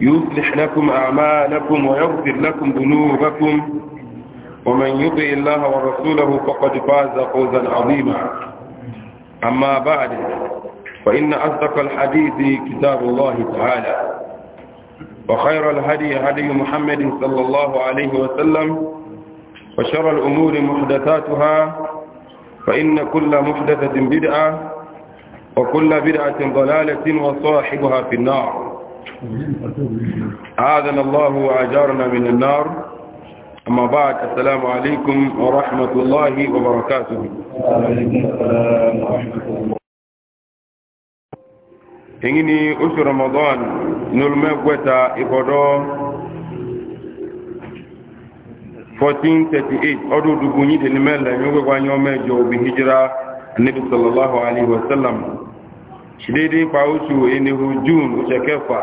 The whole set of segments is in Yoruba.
يصلح لكم أعمالكم ويغفر لكم ذنوبكم ومن يطع الله ورسوله فقد فاز فوزا عظيما أما بعد فإن أصدق الحديث كتاب الله تعالى وخير الهدي هدي محمد صلى الله عليه وسلم وشر الأمور محدثاتها فإن كل محدثة بدعة وكل بدعة ضلالة وصاحبها في النار أعاذنا الله وأجارنا من النار أما بعد السلام عليكم ورحمة الله وبركاته إنني أشهر رمضان نلمك وتا إفضاء 1438 أدو دبوني دلمال لأنه وقوانيوم جو بهجرة النبي صلى الله عليه وسلم ṣìdédé pa oṣù enihu june oṣẹ kẹfà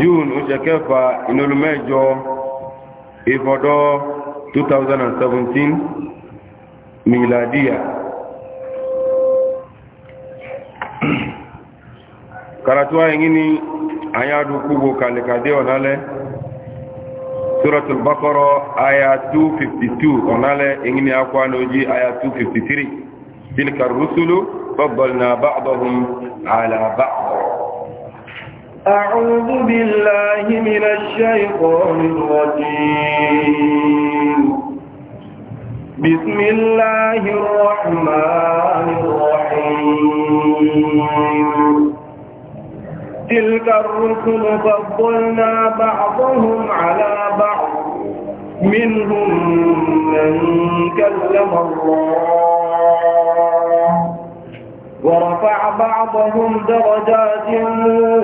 june oṣẹ kẹfà inolumẹjọ ifọdọ 2017 miladiya karatuwa yin ni an ya kale kalikade onale suratul bakoro aya 252 onale yin ni akwa na oji aya 253 تلك الرسل فضلنا بعضهم على بعض أعوذ بالله من الشيطان الرجيم بسم الله الرحمن الرحيم تلك الرسل فضلنا بعضهم على بعض منهم من كلم الله ورفع بعضهم درجات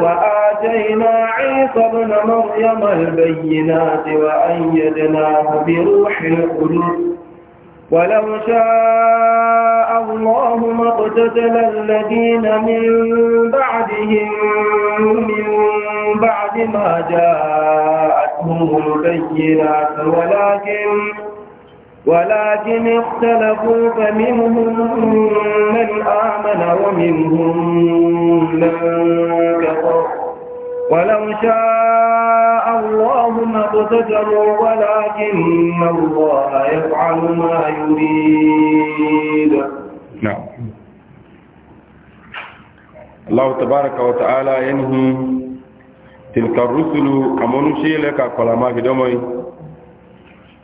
وآتينا عيسى ابن مريم البينات وأيدناه بروح القدس ولو شاء الله ما اقتتل الذين من بعدهم من بعد ما جاءتهم البينات ولكن ولكن اختلفوا فمنهم من آمن ومنهم من كفر ولو شاء الله ما اقتتلوا ولكن الله يفعل ما يريد نعم الله تبارك وتعالى ينهي تلك الرسل أمنوا شيء لك قلما في دمي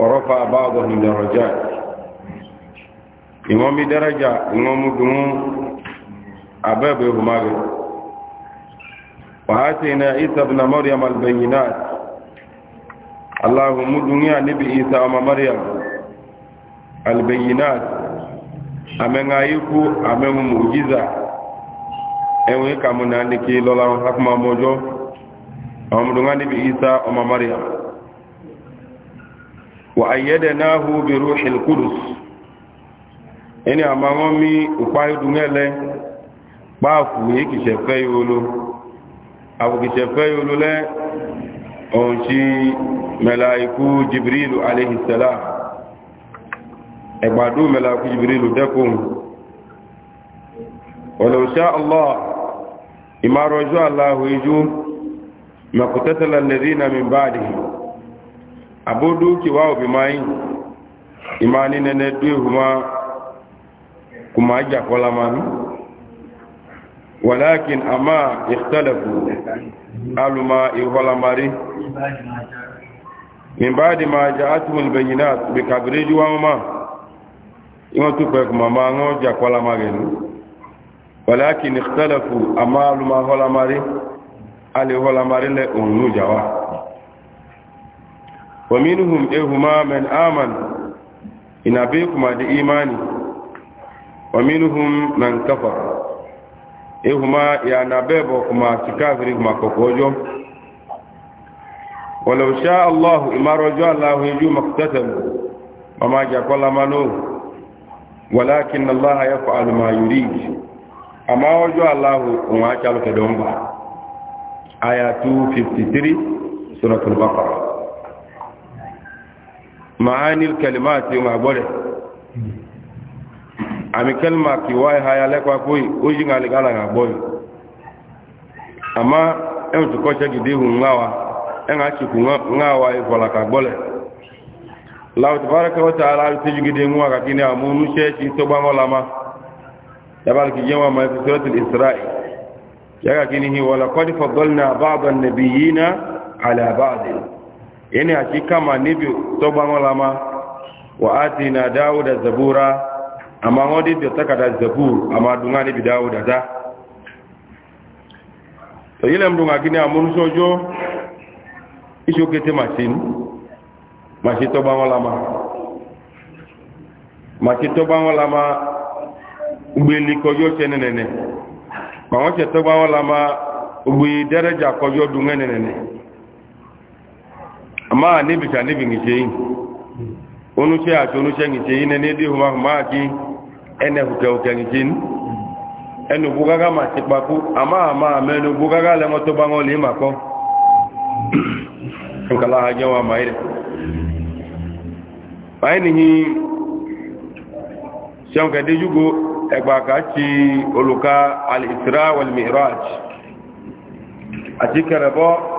ورفع بعضهم درجات إمام درجة إمام دمون أباب يغمار وآتينا عيسى بن مريم البينات اللهم دنيا نبي عيسى أم مريم البينات أمن أيكو أمن معجزة أيوه كامنا نكي لولا حكما موجو أمدنا نبي عيسى أم مريم وأيدناه بروح القدس إني أمامي أقايد نلي بافو يكي شفاي ولو أو كي شفاي ولو لا أنشي ملائكو جبريل عليه السلام إبادو ملائكو جبريل دكم ولو شاء الله إما رجع الله يجو ما قتتل الذين من بعدهم abodu kiwa obi mai imani nene due huma kuma aja kola mami walakin ama ikhtalafu aluma ihola mari min baadi ma ja'atuhum albayinat bi kabreju wa ma iwon tu pe kuma ma ngo ja kola magenu walakin ikhtalafu ama aluma hola mari ali hola mari le unu jawa ومنهم إهما من آمن إن أبيكما دي ومنهم من كفر إهما يعني أبيبكما تكافركما كفوجو ولو شاء الله إما رجع الله يجو مقتتل وما جاء كل منو ولكن الله يفعل ما يريد أما رجع الله وما جاء لك دونبا آية 253 سورة البقرة maani kalimati nga bole ami kalma ki wai haya le kwa koi oji nga ligala nga boy ama en to ko chegi de ngawa en achi ku ngawa e fola ka bole law tabaraka wa taala ti jugi de ngwa ka kini amunu chechi to ba ngolama tabal ki jema ma fi suratul isra'i yaga kini hi wala qad faddalna ba'd an-nabiyyina ala ba'd yani hakika ma nibi toba ngolama wa atina dauda zabura ama ngodi bi takada zabur ama dungani bi dauda da to yele mdunga kini amun sojo isho kete masin mashi toba ngolama mashi toba ngolama ugbeli koyo chenenene ma wache toba ngolama ubi dereja koyo kojo dungenenene amma ne bi ta ne bi ngice yi onu ce a tonu ce ngice yi ne ne di huma huma ki ene huke huke ngice ni enu bugaga ma ti paku amma amma me nu bugaga le moto bango li ma ko kan kala ha jawa mai de bai ni hi shan ka de jugo egba ka ci oluka al isra wal mi'raj ati karabo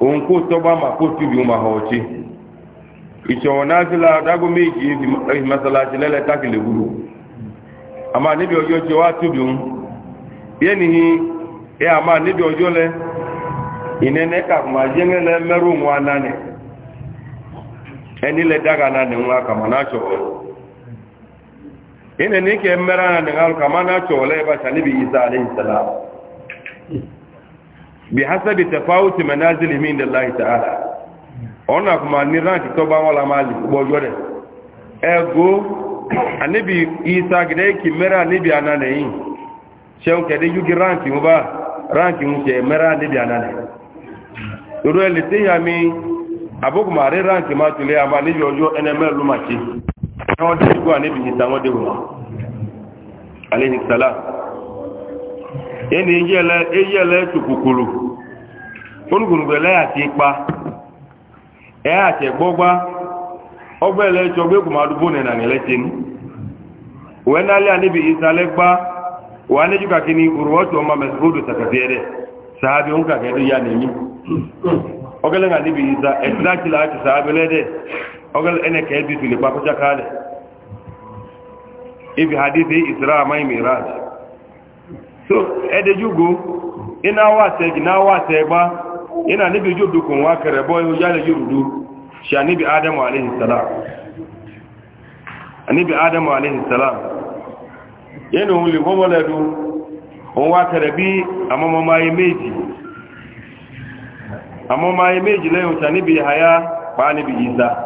òun kó tọ́gbà máa kó túbì ó máa ọ̀ọ́tí ìṣọ̀wọ̀n náà sí la dágó méjì ìfìmọ́sálásí lẹ́lẹ́ tákìlẹ̀ wúlò àmà níbi ọjọ́ tí wá túbì ń yé nìyí ẹ àmà níbi ọjọ́ lẹ ìnẹ́nẹ́ kàkùmà yẹ́ngẹ́ lẹ mẹ́rù wọn anánẹ̀ ẹni lẹ dága anánẹ̀ wọn kàmà náà tsọ̀ ọ́ ìnẹ́nẹ́ kẹ mẹ́rù anánẹ̀ wọn kàmà náà tsọ̀ ọ́ lẹ́yìn bá sàníbi ìsà àlẹ́ bihasabi tafawuti manazilihi inda allahi ta'ala ona kuma ni rank to ba wala mali bojo de ego anibi isa gide ki mera nibi anane yin seun kede yugi rank mo ba rank mo se mera nibi anane doro ele ti ya mi aboku ma re rank ma tule ama nibi ojo eneme lu ma ti won de go anibi isa won de wo alayhi salam ena eyele tukpukpuru onugwurugbe leghachi ikpa e eghachi gbọgba ọgba elechi ọgba egwu madụbụ na na eletin wee nalị anibi isale gba wee aneju kini uru ọchụ ọma mesudu sakafiere sahabi nka ya na nibi isa sahabi lede ogele ene ka ebi tuli kpakụcha kaadị ibi hadithi isra amai miraj so edejugo ina wate gina wate gba ina nibi judu kun wa kare boyo yale yurudu sha nibi adamu alaihi salam anibi adamu alaihi salam yenu li womoladu on wa kare bi amomo mai meji amomo mai meji le o sha nibi haya pa nibi isa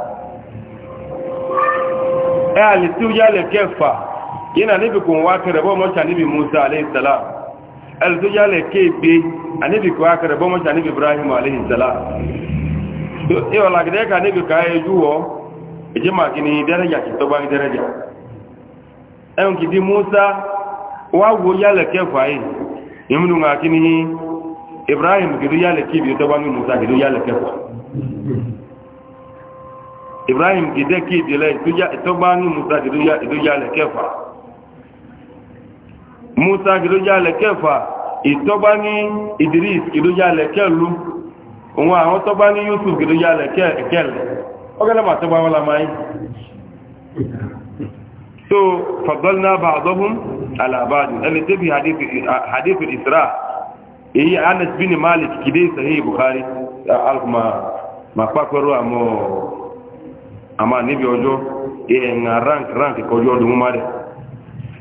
e ali tu yale kefa yana níbi kò wá kẹrẹ bọ́ mọ́ṣà níbi musa aléìsàlá ẹlùtúyálẹ̀ kéègbé àníbi kò wá kẹrẹ bọ́ mọ́ṣà níbi ibrahim aléìsàlá ìwọ̀ làgídẹ́ka níbi ká ẹjú wọ́ ìjẹ́ màkì ní dẹ́rẹ́jà kì tọ́gbá ní dẹ́rẹ́jà ẹ̀hùn kìdí musa wá wo yálẹ̀ kẹfà yìí ìmúnu màkì ní ibrahim kìdú yálẹ̀ kéègbé tọ́gbá ní musa kìdú yálẹ̀ yálẹ̀ kẹfà musa kìlójá lẹ́kẹ́fà ìtọ́gbá ní idris kìlójá lẹ́kẹ́lú òun àwọn tọ́gbá ní yusuf kìlójá lẹ́kẹ́lẹ̀ ọgẹ́lẹ́bà tọ́gbá wọ́n lamáyé so fagọ́lná bá àdọ́hún alábájú ẹni tẹ́bí hadithu isra èyí anas bin malik kìdé sahih buhari alkuma ma rank rank kọjú ọdún mú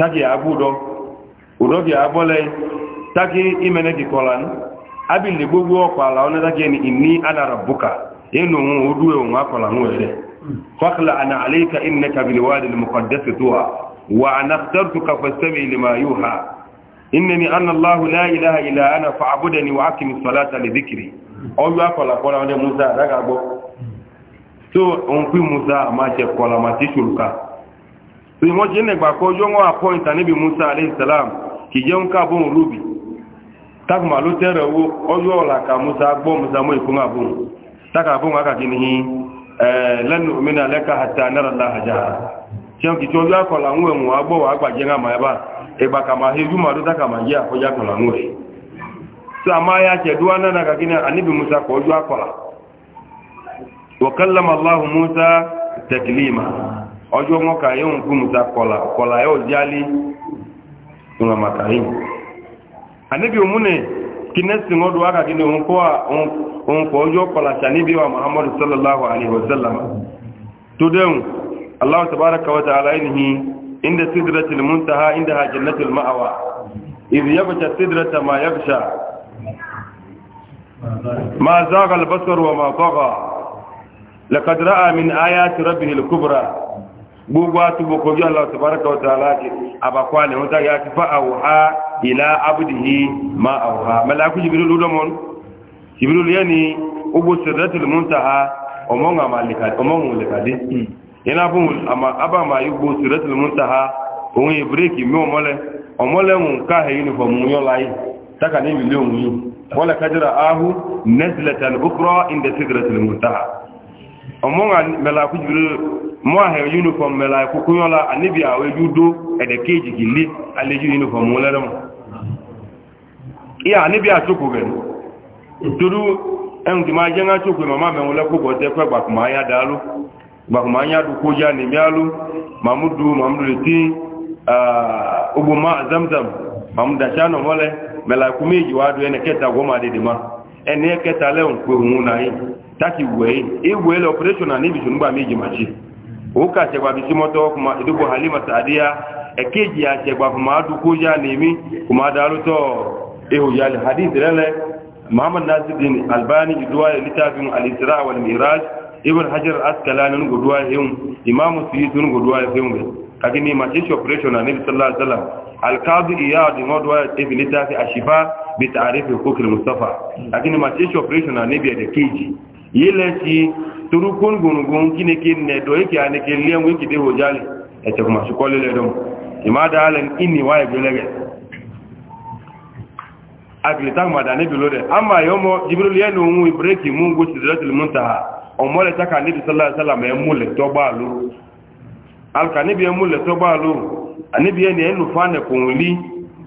taki agbúdọ òdọ́kì agbọ́lẹ̀ taki imeneki kọlan abìlì gbogbo ọkọ̀ àlà ọ́nà taki ẹni ìní adára buka inú ohun odú ohun akọ̀lá ń wẹ̀rẹ̀ fọ́kìlá àna àlẹ́kà ìnẹ́ kabili wà lè mọ̀kàn dẹ́sẹ̀ tó wa wà àna tẹ́rù kafẹ́sẹ́mi lè máa yóò ha إنني أن الله لا إله إلا أنا فاعبدني وأقم الصلاة لذكري أو يقول لك أنا موسى رجع بو تو أنكم موسى ما تقول ما تشولك ìwọ́n jẹ́ nẹ̀gbà kọ́ ọjọ́ wọn àpọ́ìntà níbi musa aleyhisselam kì jẹun káàbọ̀n olóbi takùnmà ló tẹ́rẹ̀ owó ọjọ́ ọ̀làkà musa gbọ́ musa mọ́ ìkún àbọ̀n takàbọ̀n akàkì ní lẹ́nu òmìnira lẹ́ka àti anáradà àjà ṣeun kìí ọjọ́ akọ̀là ń wẹ̀wọ̀n agbọ́wọ̀ agbàjẹ́ ńà máa bá ìgbà musa kọ̀ ọjọ́ mọ́ka yóò ń fún musa kọlà kọlà yóò jálé ìwọ̀n màkà yìí àníbi òmúnẹ̀ kí nẹ́sì wọn dùn ákàkí ni òun kọ ọjọ́ kọlà sàníbi wa muhammad sallallahu alaihi wasallam tó dẹ́hùn aláwọ̀ tàbára kawata aláìníhi inda sidratul muntaha inda ha jannatul ma'awa idh yabsha sidrata ma yabsha ma zaga al wa ma tagha laqad ra'a min ayati rabbih al-kubra gbogbo atuboko yọ ọtụtụ tọbaraka ọta aláàkì àbàkwà ní ọjọ́ ya kí fa àwòhá ìlà abúdìhí ma àwòhá jìbìrìlú lọ́mọ́n jìbìrìlú yẹ́ ni ogbó ha ọmọ́hun lẹ́kàdé yana fún abàmà igbó sẹ̀rẹ̀tìlì múntà ha òun ha omonga mela kujuru mwa yunifọm uniform mela kukunyola anibi awe judo ede keji gili aleju uniform mulerem iya anibi atuku gen duru engi ma jenga tuku mama me mule ku bote kwa gba kuma ya dalu gba kuma ya du koja ni mialu mamudu m leti ah uh, mela keta goma didima ene nkwe na hii taki wee igwe ele operation na ibisu ngba meji machi ụka chekwa bisi mọta ọkụ ma edugbo halima saadi ya ekeji ya chekwa kuma adukwu ya na emi kuma adarụta ihu ya le hadith lele muhammad nasiruddin albani iduwa ya littafin al-isra miraj ibn hajar askalani nugu duwa ya hewun imamu suyuti nugu machi shi operation na nabi sallallahu alaihi wasallam alkazu iya di mo duwa ya tebi littafi ashifa bi mustafa kaki machi shi operation na nabi yileki turukun gungun kine kinne do yake ane ke liyan wiki de hojali e te kuma shukole le dom imada alen inni wa ibelege agli tang mada ne bilode amma yomo jibril yenu mu ibreki mu go sidratul muntaha o mole taka ni sallallahu alaihi wasallam e mule to balu al ya e mule to balu anibi ene enu fane kunli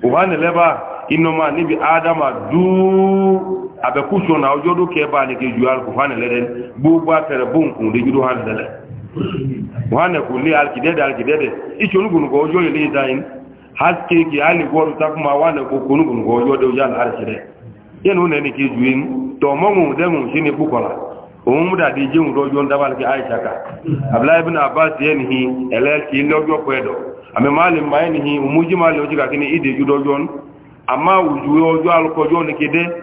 uwane leba inoma nibi adama du abekuso na ojo do keba ne ke jual ko fane leden bubu atere bun kun de judo han dele wane ko li al kidede al kidede icho nu gun ko ojo ile dain haske ki ali goru takuma wane ko kunu gun ko ojo de jan arsire yen one ne ke juin to mongu de mun shine bukola ohun da de jeun rojo ndabal ki aisha ka abla ibn abbas yenhi elel ki lojo pedo ame malim mayenhi umuji mali oji ka kini ide judo jon ama ujuwe ojo alkojo ne kede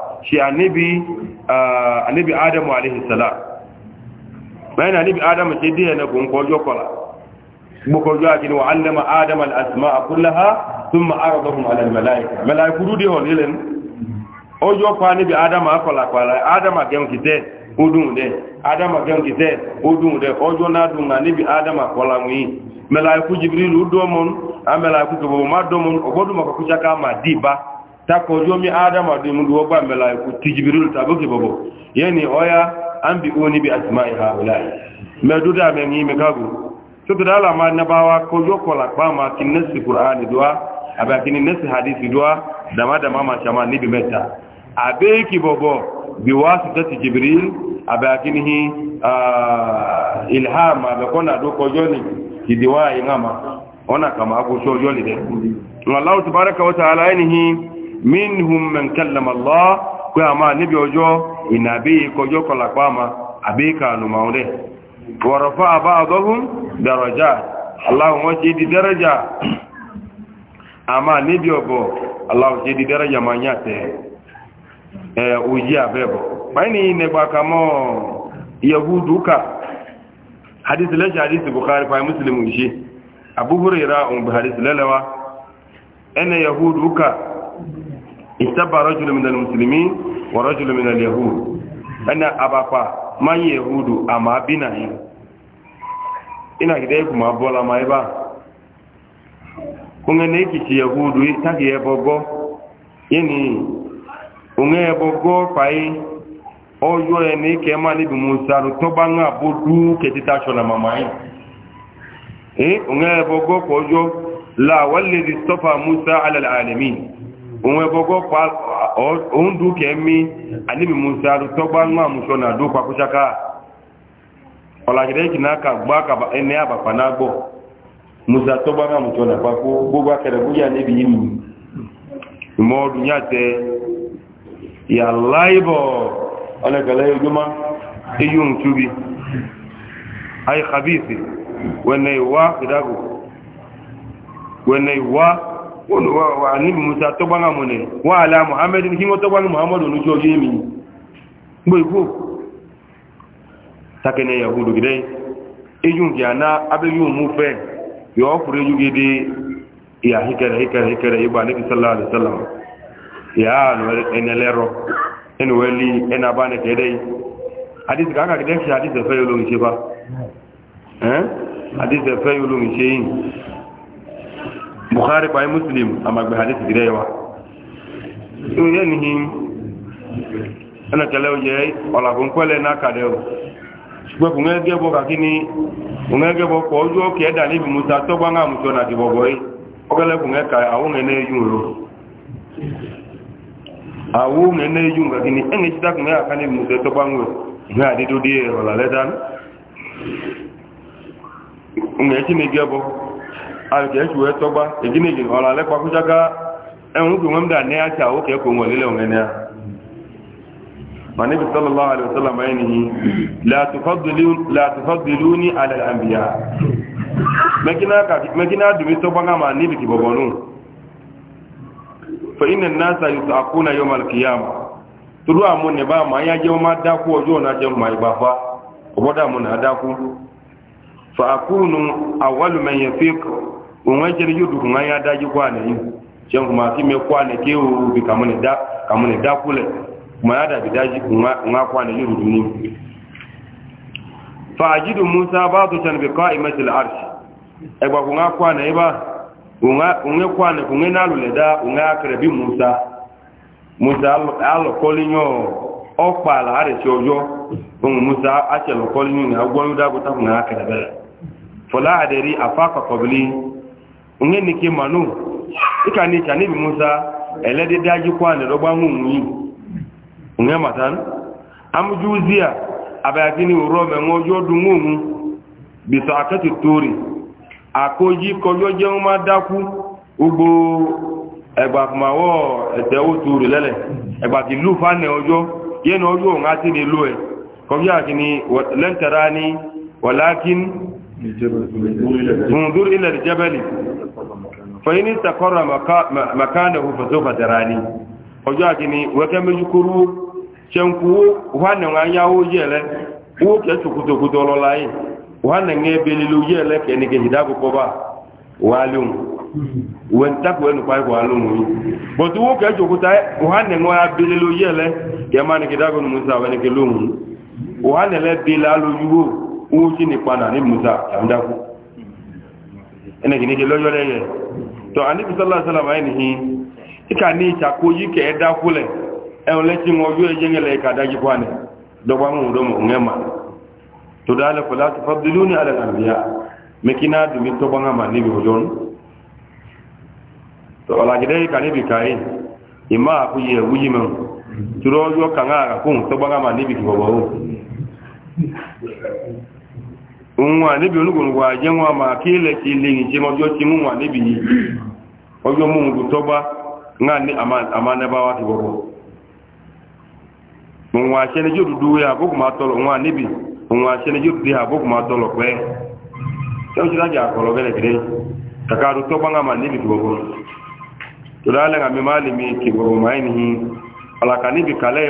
shi annabi annabi adamu alaihi salam bayan annabi adamu ce diya na kun kojo kola bukojo a kini wa allama adama al-asma'a kullaha thumma aradahum ala al-mala'ika mala'iku dudi hon yelen ojo kwa annabi adamu akola kola adama gem kite odun de adama gem kite odun de ojo na dun annabi adama kola mu mala'iku jibril udomon a mala'iku ko ma domon ogoduma ko kuchaka ma diba tako jomi adama de mundu wogba mela tijbirul tabuki babo yani oya ambi oni bi asma'i haulai me duda me ngi me kagu to da la ma na bawa ko joko la ba ma kin nasi qur'ani dua aba kin nasi hadisi duwa da ma da mama chama ni bi meta abe ki bobo bi wasitati jibril aba kin hi ilhama be kona do ko joni ki diwa ngama ona kama ko so joni de Allah tabaraka wa ta'ala ainihi minhum man kallama allah ko ama nibi ojo inabi ko jo ko lakwa ma abi kanu maunde wa rafa'a ba'dahum darajat allah mo ji di daraja ama nibi obo allah ji di daraja manyate eh uji abebo maini ne gba kamo yahuduka hadith la hadith bukhari fa muslim uji abu hurairah um hadith lalawa ana yahuduka istaba rajulu min almuslimin wa rajulu min alyahud abapa man yahudu ama bina yi ina gida kuma bola mai ba kunga ne kici yahudu ta ki ebogo yini unga ebogo pai oyo e ni ke ma ni musa ru to ba nga mama la musa onwe gbogbo pa ondu kemi animi musa togba nwa muso na du kwa kuchaka olagire kinaka gba ka ene aba pana gbo musa togba nwa muso na kwa gogo akere buya ne bi yimi mo dunya te ya laibo ona gale yuma iyun tubi ay khabithi wene wa kidago wene wa kóòlù wà níbi musa tọ́gbọ́n àmọ̀nẹ̀ wà alá muhammadu kí wọ́n tọ́gbọ́n muhammadu lójú ọjọ́ èmì gbé ikú takẹ́nẹ̀ yahudu gidẹ́ ejú nkì àná abẹ́yù mú fẹ́ yọ ọkùnrin ejú gidi ìyà híkẹrẹ híkẹrẹ híkẹrẹ ibà níbi sallallahu alaihi wasallam ìyá ẹnẹlẹ́rọ ẹnìwẹ́lì ẹnabánẹkẹ́dẹ́ hadith kaka gidẹ́ fi hadith ẹ̀fẹ́ yóò bukhari kwa muslim amagbe hadithi girewa iye ni ana kale oye ola kun kwele na kale o gbe kun ege bo ka kini kun ege bo ko ojo ke da ni bi musa to gba nga muso ogele e ka kini e aka ni musa to gba ngo nga di do di e ola alùkẹ́ ṣù ẹ́ tọ́gbá ègínìgì ọ̀rọ̀ alẹ́pàá kú ṣáká ẹ̀hún kí wọ́n dà ní àṣà ó kẹ́kọ̀ọ́ wọn lílẹ̀ òun ẹni à màníbi sọ́lọ́lá àlùsọ́lá máa ní látùfọ́dìlú ní alẹ́ àmìyà mẹ́kínà dùmí tọ́gbá náà máa níbi kìbọ̀bọ̀ nù fẹ́ iná náà sàyù àkúnà yọ malkiyama turu àmú ní bá máa yá jẹun máa dákú ọjọ́ náà jẹun máa ìgbàfá ọbọ́dà mú náà dákú fa onwe jere yudu kun anya daji kwa ne yi jen kuma ki me kwa ne ke bi kamu da ka da kule kuma ya daji kun kwa ne yudu ni fa ajidu musa ba'du tan bi qa'imati al-arsh e gba kun kwa ne ba unga kwa kun na lule da unga akre bi musa musa alo kolinyo okpa la are ohun onye nike manu ịka na ịcha n'ibi musa eledede ajikwa na dọgbanwu nwunyi onye matan amụju uzi a abayagini uro menwe ojo du nwunwu biso akati tori akoji kojo je ma dakwu ugbo egbakumawo ete oturu lele egbaki lufa ne ojo ye na ojo onwe ati ni lue kojo akini lentarani walakin انظر الى الجبل fẹ̀yìn ní takọ́rọ̀ makánàwó fẹ̀sọ́fà tẹ̀rání ọjọ́ àkíní wẹ́kẹ́ méjìkúrú ṣẹ́nkú wánàwó yáwó yẹ̀lẹ́ owó kẹ́ tòkòtòkòtò ọlọ́lá yìí wánàwó ebelele yẹ̀lẹ́ kẹ́nìkẹ́ ìdábòkọ́ bá wà lóhun wọ́n takò ẹnu pa ìwà lóhun yìí bọ̀tú owó kẹ́ tòkòtà wánàwó abelele yẹ̀lẹ́ kẹ́mánìkẹ́ dábòkọ́ musa wẹ́nìkẹ́ lóhun wánàwó bela lóyúwó owó sí nípa to anibi sallallahu alaihi wasallam ainihi ika ni ta ko yi ke da kule e o leti mo yo e je ngele ka da ji kwane do ba mu do mu ngema to dala fala tufaddiluni ala al-anbiya mekina du mi to banga ma ni bi hojon to ala ka ni bi kai ima ku ye wuyi men turo yo kanga ka kun to banga ma ni bi ko nwa níbi onúgbòǹgbò àjẹ́ wọn ma kí ilẹ̀ ti lè yìn jẹ́ ọjọ́ tí mú wà níbi yìí ọjọ́ mú un tó bá ńlá ní àmánẹ́báwá ti bọ̀bọ̀ òun àṣẹnijó dúdú e àbókù máa tọ̀lọ̀ wọn níbi òun àṣẹnijó dúdú àbókù máa tọ̀lọ̀ pẹ́ ṣé ó ti dájà àkọlọ bẹ́ẹ̀ gẹ́gẹ́ kàkà bá ńlá ma níbi tó àmì máa lè mi kì máa ń níbi kàlẹ́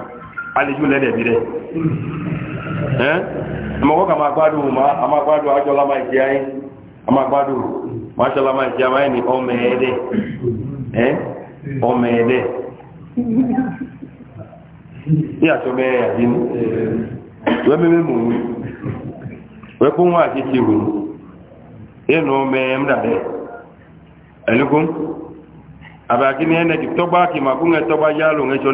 aliju lẹ́dẹ̀ bí rẹ̀ ẹ́ ọmọkọ́ ka máa ma a máa gbádùn a máa gbádùn máṣọ́lá máa jẹ́ ọmọ ẹ̀ẹ́dẹ̀ ẹ́ ọmọ ẹ̀ẹ́dẹ̀ ní àtọ́mẹ́ àdínú wẹ́ mẹ́mẹ́ mú un wẹ́ kó wọ́n àti ti wù ẹnu ọmọ ẹ̀mdàdẹ̀ ẹ̀lúkún àbàkí ní ẹnẹ́kì tọ́gbà kì máa kún ẹ̀ tọ́gbà yálò ẹ̀ṣọ́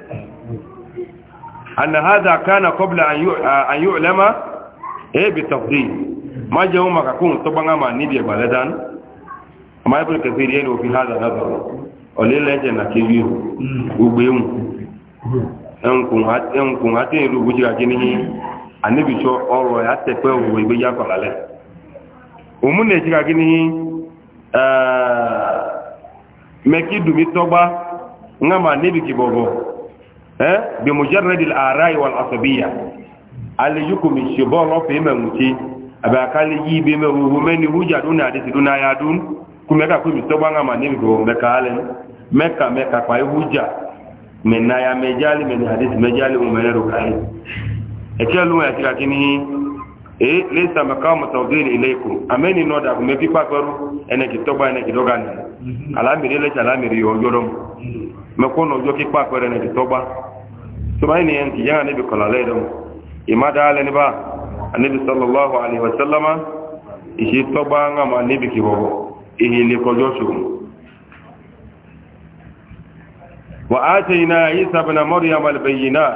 أن هذا كان قبل أن يعلم إيه بالتفضيل ما جاءوا ما كون طبعا ما نبي بلدان ما يبقى كثير يلو في هذا نظر وليل لجنة كيو وبيوم ẹnkùn ẹnkùn àti ìlú gbójú àti níyí àníbìṣọ ọrọ àtẹpẹ òwò ìgbéjà kọlálẹ òmùnà ìjìká kí níyí mẹkí dùmí tọgbà ńgá بمجرد الآراء والعصبية اللي يكون الشباب الله في ممتي أبا كان يجي بمهو من يوجد دون عدس دون عيادون كمكا كم يستوبان ما نبقى مكا ألن مكا مكا فاي وجا من نايا مجالي من حديث مجالي ومن ركعي أكلوا يا كراكيني إيه ليس مقام توضير إليكم أمني نودا كمكي فاكرو أنك توبا أنك دوغاني alamiri lẹ́sẹ̀ alamiri yọ ọjọ́ dọ́mù mẹ́kọ́nà ọjọ́ kípa pẹ̀rẹ̀ ẹ̀nà ìtọ́gbá sumaini yan ki yana nabi kwalalai da mu ima da ba annabi sallallahu alaihi wasallama ishi tọgba nga ma nabi ki bọbọ ihe ile kọjọ ṣogun wa ataina isa bin maryam albayyinat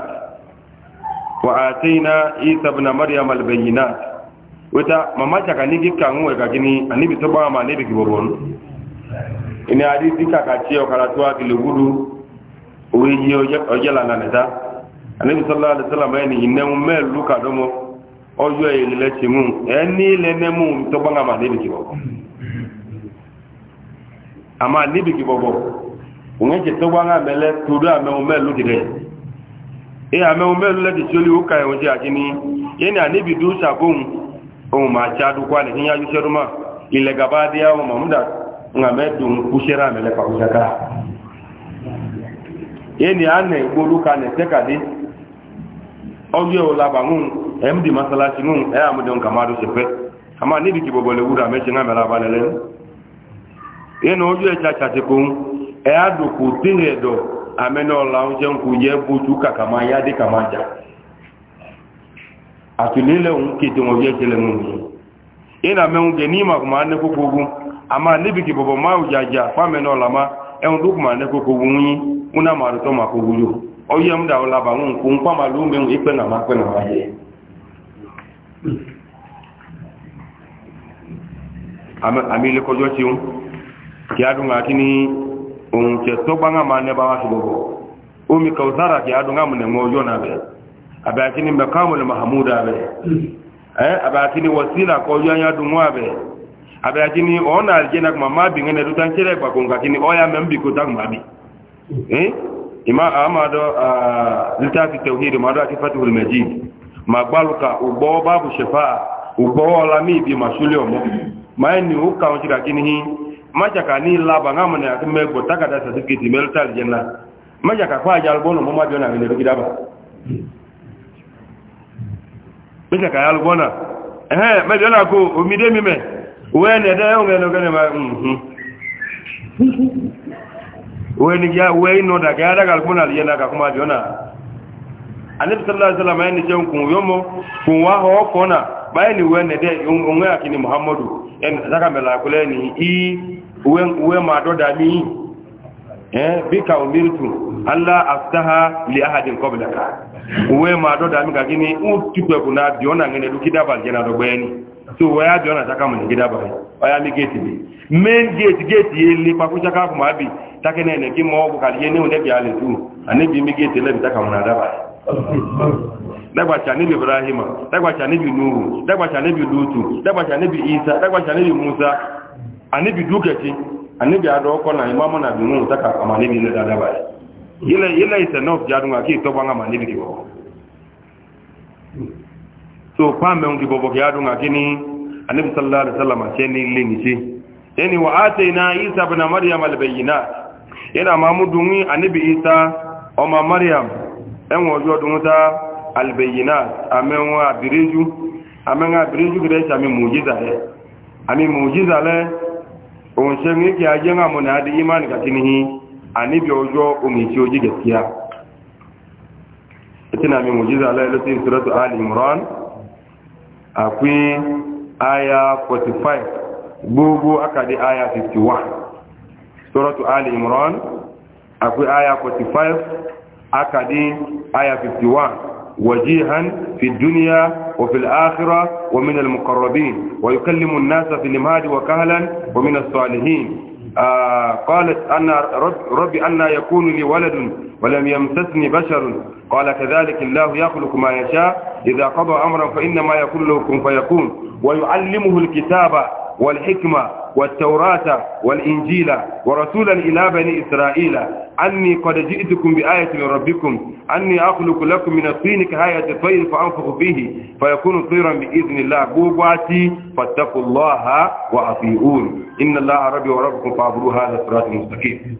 wa ataina isa bin maryam albayyinat wata mamaka ka ni gika nwe ka gini annabi tọgba ma nabi ki bọbọ ina hadisi ka ka ciyo karatu a kilugudu oyi ọjọ́ lànà nìta anabi sallallahu alaihi wasallam bayani innahu melu kadomo ojo ile chimu eni le nemu to banga ma nibi kibobo ama nibi kibobo unge to banga mele tudu ame melu kide e ame melu le disoli uka e oje akini yeni anibi du o ma cha du kwa ni ile gabadi ya o mamuda ngamedu kushera pa ka ọgụ ìwòlábà ń ẹ̀mdì masalasi ń ẹ̀ àmúdẹ̀un kàmàdù ṣe fẹ́ na níbi kì bọ̀bọ̀lẹ̀ wúrà mẹ́ṣe ń àmẹ́lá balẹ̀ lẹ́nu inú ojú ẹ̀ṣà ṣàṣekun ẹ̀ àdùkù tíhẹ̀ ẹ̀dọ̀ àmẹ́nà ọ̀la ń jẹun kò yẹ bójú kàkàmá yáde kàmá jà àtúnilẹ̀ òun kéde wọn ọyẹ́ mú dáwọ́ lábà wọn kò ń pàmà ló mẹ́rin ìpẹ́ nà máa pẹ́ nà máa yẹ àmì ilé kọjọ́ tí ó kí á dùn àti ní ohun tẹ̀ tó gbáńgá máa nẹ́bà wá sí gbogbo omi kàwùsára kí á dùn àmì nẹ̀mọ́ ọjọ́ náà bẹ̀ àbẹ̀ àti ní mẹ́kàmù lè mahamud abẹ̀ àbẹ̀ àti ní wasila kọjọ́ ayá dùn wọ́n abẹ̀ àbẹ̀ àti ní ọ̀nà àjẹ́nà kò máa bí ẹ̀ẹ́dẹ́gbẹ̀kùn kàkí ní ọ̀yà mẹ́mbì kò ima ama do litafi tauhidi ma do ati fatihul majid ma gbaluka ugbo babu shafa'a ugbo la mi bi masuli omo ma ni o ka onjira kini ma jaka ni laba ngam ne ati me da certificate meltal jenna ma jaka kwa ajal bono mo ma do na ne bidaba eh me do na ko o mi de mhm weni ya weino da ga daga kuna yana ka kuma jona annabi sallallahu alaihi wasallam yani jan kun yomo kun wa ho kona bayani wenne de unwe akini muhammadu en zaka i wen we ma do e, bika umirtu alla aftaha li ahadin qablaka we ma do da mi ka kini u tukwe kuna biona ngene dukida bal jena do bayani so waya main gate gate ye le pakuja ka kuma bi take ne ne ki mo bu ka ye ne ne bi ale tu ane bi mi gate le bi ta ka mona da ba dagba cha ne bi ibrahima dagba cha ne bi nuhu dagba cha ne bi lutu dagba cha ne bi isa dagba cha ne bi musa ane bi duke ti ane bi ado ko na imamu na bi mu ta ka kama ne bi ne da da ba yele yele is enough ja dunga ki to banga ma ne bi ko so pa me ngi bobo ki adunga kini ane bi sallallahu alaihi wasallam che ni le ni che yani wa ataina isa ibn maryam albayinat yana mamudun annabi isa o ma maryam en wojo dunta albayinat amen wa abiriju amen wa abiriju gire chami mujiza le ami mujiza le on se ni ki aje nga mo na di iman ka tinihi annabi ojo omi ti oji gaskiya itina mi mujiza le lati suratu ali imran akwi aya 45 gbogbo aka di aya 51 suratu ali imran akwai aya 45 aka di aya 51 wajihan fi duniya wa fil akhirah wa min al muqarrabin wa yukallimu an nasa fi al-mahdi wa kahlan wa min as-salihin قالت أن ربي أن يكون لي ولد ولم يمسسني بشر قال كذلك الله يخلق ما يشاء إذا قضى أمرا فإنما يقول له كن فيكون ويعلمه الكتاب والحكمة والتوراة والإنجيل ورسولا إلى بني إسرائيل أني قد جئتكم بآية من ربكم أني أخلق لكم من الطين كهاية الطير فأنفخ فيه فيكون طيرا بإذن الله قوباتي فاتقوا الله وأطيعون إن الله ربي وربكم فاعبدوا هذا الصراط المستقيم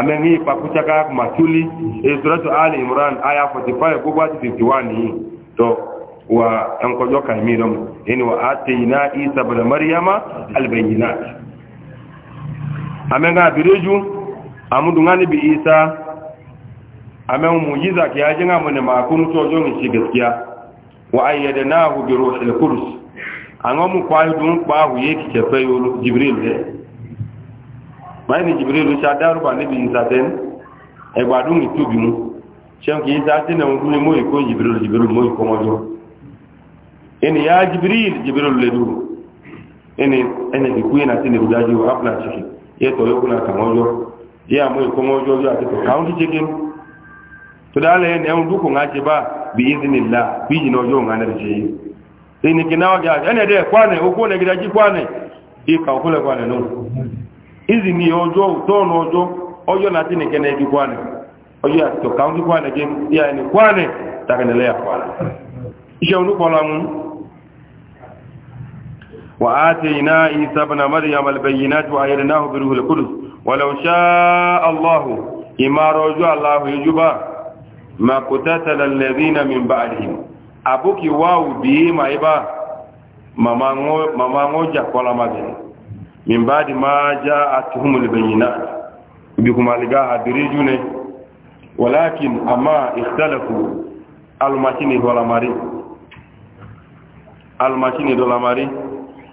أمين هي باكوتاكا ماتولي سورة آل عمران آية 45 قوباتي 51 تو wa ɗan kwajo kamiran in wa atina isa bada maryama albayyinat amen ga bireju amudu ngani bi isa amen mujiza ki yaji nga mun ma kun tojo mi shi gaskiya wa ayyadnahu bi ruhil qudus an mu kwayo dun kwahu yake ke fayo jibril de mai ni jibril sha daru ba nabi isa den e gwadun itubi mu shen ki isa tinan mu mo iko jibril jibril mo iko ini ya jibril jibril le du ini ene bi na tini budaji wa hapla chiki ye to yokuna kamojo ye amoy ati to kaundi chikin to dale ne un duko ngaje ba bi iznillah bi jino yo ngana reji ini kinawa ga ene de kwane kwane kwane no ojo to no na tini kene kwane ojo ati to kwane gen ya kwane takanelea kwane وآتينا عيسى ابن مريم البينات وأيدناه بروح القدس ولو شاء الله إما رجع الله يجبا ما قتتل الذين من بعدهم أبوك واو بيما إبا ماما موجة ولا مدن من بعد ما جاءتهم البينات بكم ألقاها دريجون ولكن أما اختلفوا المتين ولا مريم المتين ولا مريم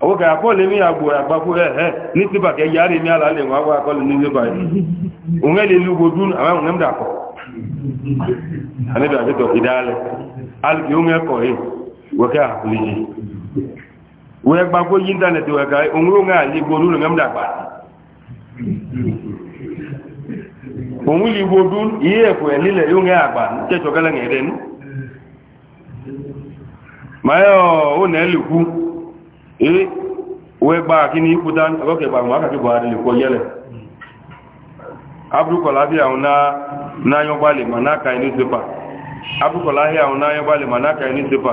oge akọọlụ eme ya gboro agbakwo ehe n'isi baka eji ara eme ala lenwe agwa akọọlụ n'ile bara onwe lele ugbo dun ama onwe m dakọ anabi agịtọ idale aliki onwe kọrị weke ahapụliji wee gbakwo ji intanetị wee ka onwe onwe ala igbo dun onwe m ee wee gbaa kí ní ikúta ọgọ́kẹ̀ gbàgbà akàkì buhari ahụ kọ yẹ́lẹ̀ abúrúkọ̀lá bí àwọn náyọ́gbálẹ̀ manáka inú sípa abúrúkọ̀lá bí àwọn náyọ́gbálẹ̀ manáka inú sípa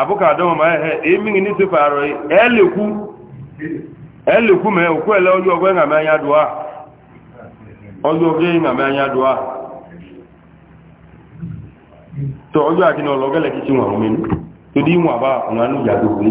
abúkàdọ́mọ̀ máa ẹ̀ẹ́ èémí ní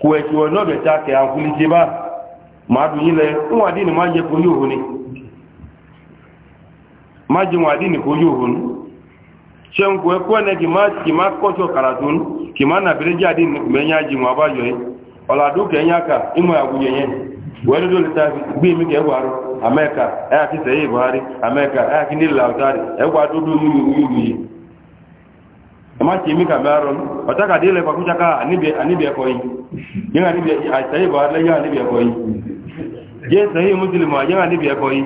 kuwẹ̀kí wọn náà bẹ̀ta kẹ àkúlé tí bá máa dùn yílẹ̀ wọn àdínì máa yẹ kó yóò ní máa jẹ wọn àdínì kó yóò ní ṣe ń kò ẹkọ́ ẹ̀nẹ́ kì máa kọ́ṣọ́ kàràtún kì máa nàbẹ̀rẹ̀ jẹ́ àdínì mẹ́yà jẹ wọn àbáyọ̀ yìí ẹ̀yà ma ti mi ka baron o ta ka dele ba ku bi ani anibe ko yi yin anibe a sai ba la ya anibe ko yi je sai muslima yin anibe ko yi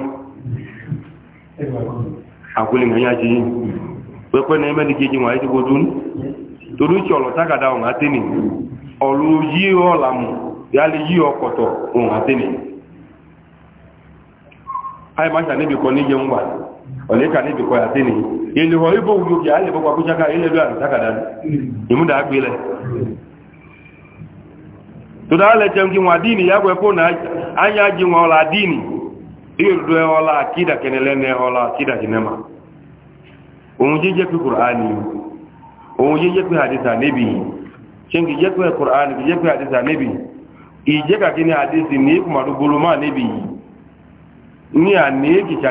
akuli nganya ji we ko ne me ni ji wa ji godun to du cholo ta ka da on atini olu yi o la mu ya le yi okoto on atini ai ma sha ni bi ko ni je ngwa ọ̀lẹ́ ìkà níbi kọ́ àti ní ilé ọ̀ ibò wùlò kí àìlè bọ́ pàkó ṣáká ilé lóyà nìtàkàdá ìmúdà agbélẹ̀ tó dáa lẹ jẹun kí wọn àdínì yàgò ẹ̀kọ́ náà ányá jí wọn ọlá àdínì ìròdó ẹ ọlá àkídà kẹnẹlẹ́nẹ ọlá àkídà kìnẹ́mà òun yé jẹ́ pé kùránì òun yé jẹ́ ni àdìsì ní kùmàdúgbòlùmá níbi ní àníkìsà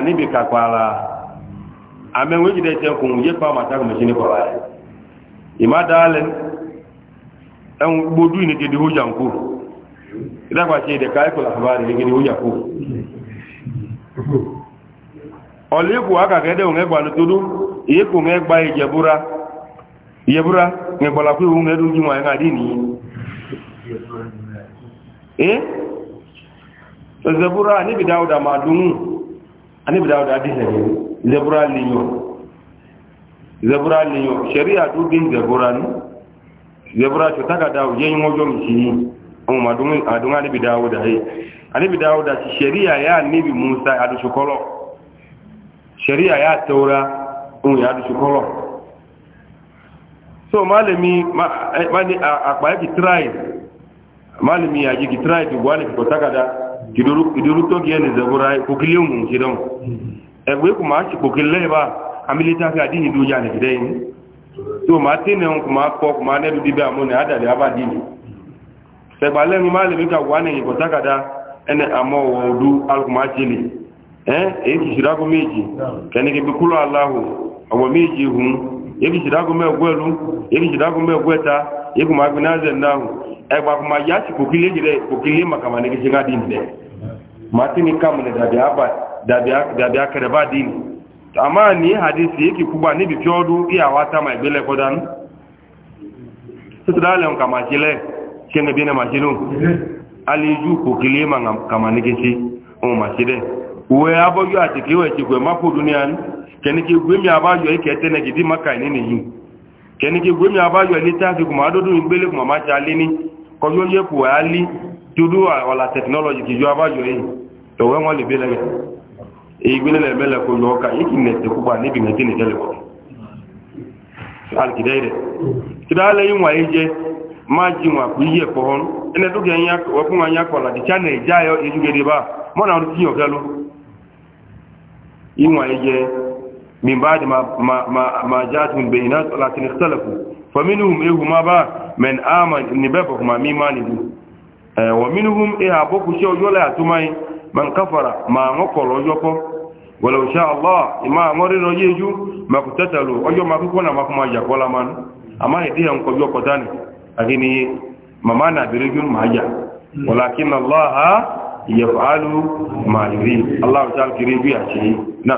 ame ŋun yi ɖe tse ko ŋun yɛ kpa ma ta ko mɛsini kɔ wa yɛ ima daa lɛ ɛŋu gbodu yi ne kedi o yan ko ìdàgbà tse ɖeka ɛkò la faba ne kedi o yan ko ɔlẹ́ kò aka kɛ ɖe o ŋɛ gba ne to do iye ko ŋɛ gba yi dzebura dzebura ŋɛ gbɔla ko ewu ŋɛ do dzi mo ayɛ ŋa di ni ee ɛzɛbura anibi dawuda ma dunu anibi dawuda adi sɛ ne zebura liyo zebura liyo sharia du bin zebra ni zebra to taka da yen ngojo mi ci on ma dum adun ali bi dawuda he ali bi dawuda ci sharia ya nabi musa adu shukolo sharia ya taura on ya adu shukolo so malami ma eh, mani akpa ki try malami ya ki try to wale ko taka da kiduru kiduru to gene zebra ko kiliyum mu kidon ẹgbẹ́ kò máa ṣìpòkè lẹ́ẹ̀bá amílítà fi àdínì dúró yànì gidẹ́ yìí tí o máa tẹ́nà kò máa kọ́ kò máa nẹ́bí bíbẹ́ àmúnẹ̀ àdàlẹ̀ abádìní ṣẹgbà lẹ́nu máa lè mí ka wà ní ìkọ̀ tákàdá ẹni àmọ́ ọ̀dú alùpùmáṣẹ́lì ẹ́ èyí ṣìṣìdágún méjì kẹ́nìkẹ́ bí kúrò aláhù ọ̀wọ̀ méjì hùn èyí ṣìṣìdágún mẹ́gbẹ́lú èyí ṣìṣìdágún mẹ́gbẹ́ta da bi aka da ba dini amma ni hadisi yake kuba ni bi fiodu iyawa ta mai gbele kodan su da alem kama kile ke ne bine makinu aliju ko kile ma kama ni ke si o ma si de aboyo ati kiwe ti ko ma podu ni an keni ki gwe mi abayo gidi maka ni ni yu keni ki gwe mi abayo ni ta fi kuma dodu ni gbele kuma ma cha le ni ko yo ye ku ali tudu ola technology ki yo abayo yi to igbele le mele ko yoka yiki ne te kuba ni bi ngati ne gele ko al kidaire kidale yin wa ije ma ji wa ku ye ko hon ene du gen yak wa kuma yak wala di chane ija yo iju na ru ti yo ije min ba'd ma ma ma ja'atun bayinat lakin ikhtalafu faminhum ihuma e ba man amana ni baba kuma mimani eh, wa minhum ihabu e ku sho atumai man kafara ma ngo kolo joko wala insha Allah ima ngori no yeju makutatalu ojo makuko na makuma ya kola man ama hidi an ko joko tani akini mama na birujun maja walakin Allah yaf'alu ma yurid Allah ta'ala kiribi achi na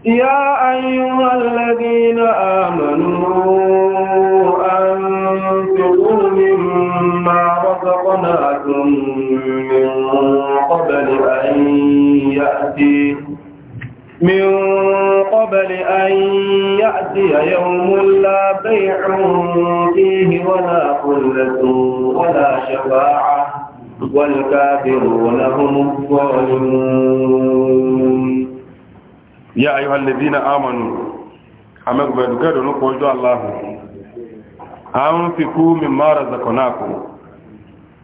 يا أيها الذين آمنوا أنفقوا مما رزقناكم من قبل أن يأتي من قبل أن يأتي يوم لا بيع فيه ولا قلة ولا شفاعة والكافرون هم الظالمون يا أيها الذين آمنوا أمك بأدكار نقوى الله أنفقوا مما رزقناكم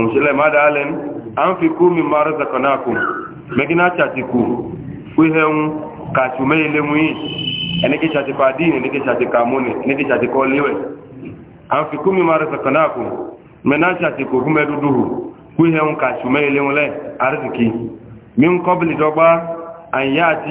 òǹṣẹ́lẹ̀ má dáa lẹ́nu à ń fi kú mi máa rẹ̀ sẹ̀kọ̀ náà kù mẹ́gínà ṣàtìkù wíhẹ́hún kàṣù mẹ́yẹlẹ́mú yìí ẹnìkí ṣàtìkọ̀ àdín ẹnìkí ṣàtìkọ̀ àmúni ẹnìkí ṣàtìkọ̀ léwẹ̀ à ń fi kú mi máa rẹ̀ sẹ̀kọ̀ náà kù mẹ́ná ṣàtìkù fún mẹ́dúdú wíhẹ́hún kàṣù ń kọ́bìlì dọ́gba àyà àti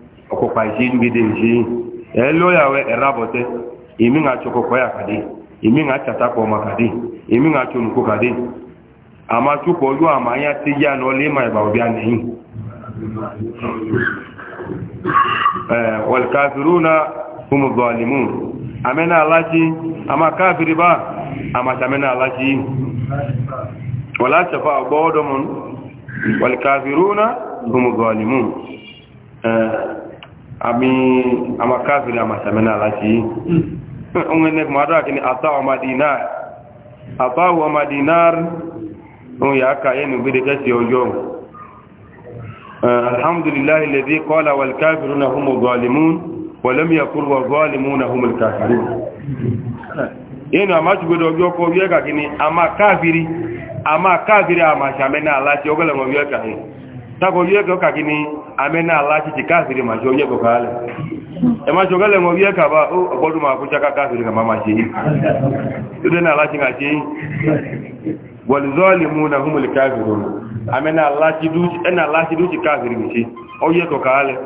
ọkọ̀pá ìṣe gbede ìṣe ẹ lóyàwó ẹ̀rọ àbọ̀tẹ́ èmi ń àtsọ kọ̀kọ́ yà kàdé èmi ń àtsàtà pọ̀ ọmọ kàdé èmi ń àtsọ nùkó kàdé àmà tsukọ̀ yóò àmà yá ti yá nà ọlẹ́ mà ìbà òbí ànẹ́yìn. ẹ wọ́n káfíru na fún bọ̀ àlìmú àmẹ́nà aláṣí àmà káfíri bá àmà sàmẹ́nà aláṣí wọ́n láṣẹ̀fà ọgbọ́ ọdọ́mọ́nù wọ́n káfíru na fún bọ̀ àlìmú ami ama kafiri ama samena lati ungene kumada kini atao madinar atao madinar un yaka yenu bide kasi ojo alhamdulillah alladhi qala wal kafiruna hum adh-dhalimun wa lam yakul wadh-dhalimuna hum al-kafirun yenu amena alaji ti kafiri ma joye ko kale e ma jogale mo ye ka ba o obodu ma ku chaka kafiri ka mama ji tude na alaji ga ji wal zalimuna humul kafirun amena alaji du ena alaji du ti kafiri mi ji o ye ko kale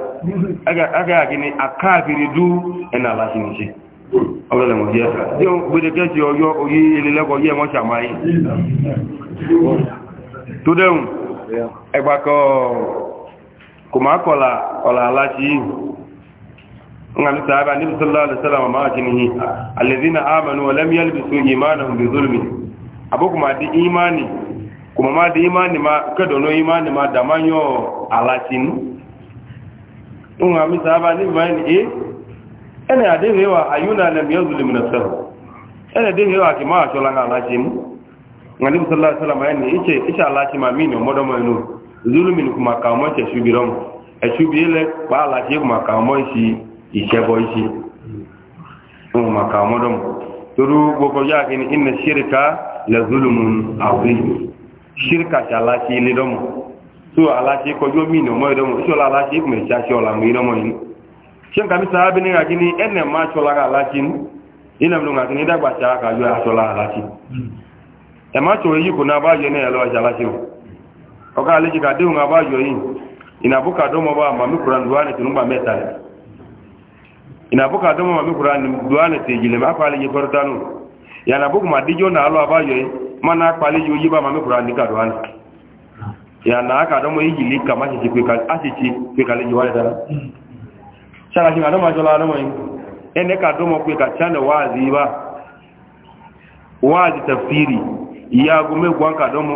aga aga gini akafiri du ena alaji mi ji ọgbẹ̀lẹ̀ mọ̀ jẹ́ tí ó gbẹ̀dẹ̀ kẹ́sì ọyọ́ oyí ilẹ̀lẹ́kọ̀ọ́ yẹ́ wọ́n ṣàmáyé tó dẹ̀hùn ẹgbàkọ̀ọ́ kuma kola kola lati ngam sahaba ni sallallahu alaihi wasallam ma jinihi alladhina amanu wa lam yalbisu imanahum bi zulmi abu kuma di imani kuma ma di imani ma kado no imani ma da manyo alatin ngam sahaba ni ma ni e ene ade rewa ayuna lam yazlim nafsahu ene de rewa ki ma shola alatin ngam sallallahu alaihi wasallam ni ice ice alatin ma mini modomo no zulumin kuma kamo ce shubiran a shubile ba a lafiya kuma kamo shi ishebo shi kuma kamo don turu gbogbo ya gini ina shirka la zulumin azim shirka ta lafiya ne don so a lafiya kojo mini omo idon so la lafiya kuma ya shi ola mu idon yin shin kami sahabi ne ga gini ene ma chola ga lafiya ina mun ga gini dagba ta ka yo a chola lafiya e ma to yi kuna ba je ne ya lo lafiya ọka àlejò kàdé òun àbá yọ yìí ìnàbùkà dọ́mọ bá màmí kura ní duwánì tìǹbà mẹ́ta rẹ̀ ìnàbùkà dọ́mọ màmí kura ní duwánì tìjìlẹ̀ má fà àlejò kọ́rọ́ tánú ìyànàbùkù màdíjọ́ nà alọ́ àbá yọ yìí má nà àpàlẹ́ yóò yí bá màmí kura ní kàdùwánì ìyànà àkàdọ́mọ yìí yìí kà má ṣèṣe pé kàlejò wálé dára ṣàlàṣì àdọ́mọ àjọlá àdọ́mọ yìí ẹnẹ kàdọ́mọ pé kàtíyànà wáàzì yìí bá wáàzì tafsiri ìyá agomẹ́gbọ́n kàdọ́mọ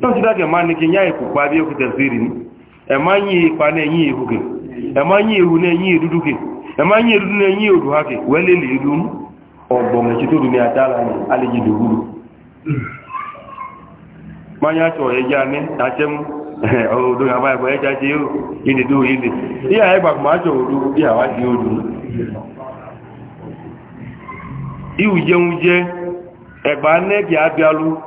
tọ́jú dákẹ̀ máa ní kí yá ìkù parí ó fi tẹ̀sírì ní ẹ̀má yí ipa ní ẹ̀yìn ìhùkẹ̀ ẹ̀má yí ihu ní ẹ̀yìn ìdúdúkẹ̀ ẹ̀má yí ìdúdú ní ẹ̀yìn òdùhákẹ̀ wẹ́lẹ̀ lè dún ọ̀gbọ̀n ẹ̀ṣẹ́ tó dùn ní àdára ní alẹ́jì dòwúrò mányàtọ̀ ẹja ní yóò ìwù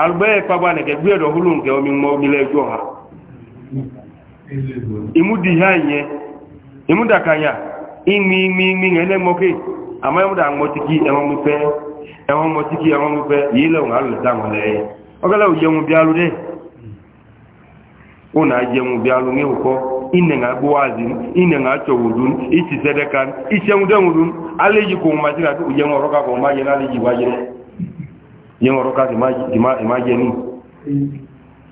alubẹ́yẹ kpagba nìkẹ́ gbé ẹ̀dọ̀ húlù nìkẹ́ omi mọ́ omi lẹ́jọ́ ha ìmúdi ha yẹ ìmúdàkànyà ìmí ìmí ìmí yẹn na mọ́kè àmọ́ ìmúdà mọ́tíkì ẹ̀wọ̀n mi fẹ́ ẹ̀wọ̀n mọ́tíkì ẹ̀wọ̀n mi fẹ́ yìí lẹ́wọ̀n alùlẹ̀ dáhùn lẹ́yẹ ọgọ́lẹ́ ò jẹun bíalu dẹ́ ó nà jẹun bíalu ní òkọ́ ìnẹ̀ ńà gbó wáàzì ìnẹ̀ ńà tsọ̀wò dùn ìtì sẹ́dẹ̀kan ìtsẹ̀wò yin roka ti ma ma je ni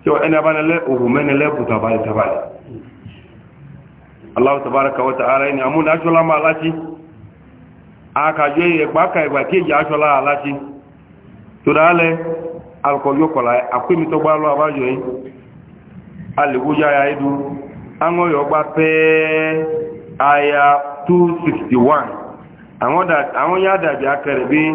so ena bana le o rumene le buta bale tabale allah tabaaraka wa ta'ala ni amuna ajola ma lati aka je e gba ka igba ke je ajola lati to dale alko yokola akwimi to gba lo abajo yi aliguja ya idu anwo yo gba pe aya 261 awon da awon ya da bi akere bi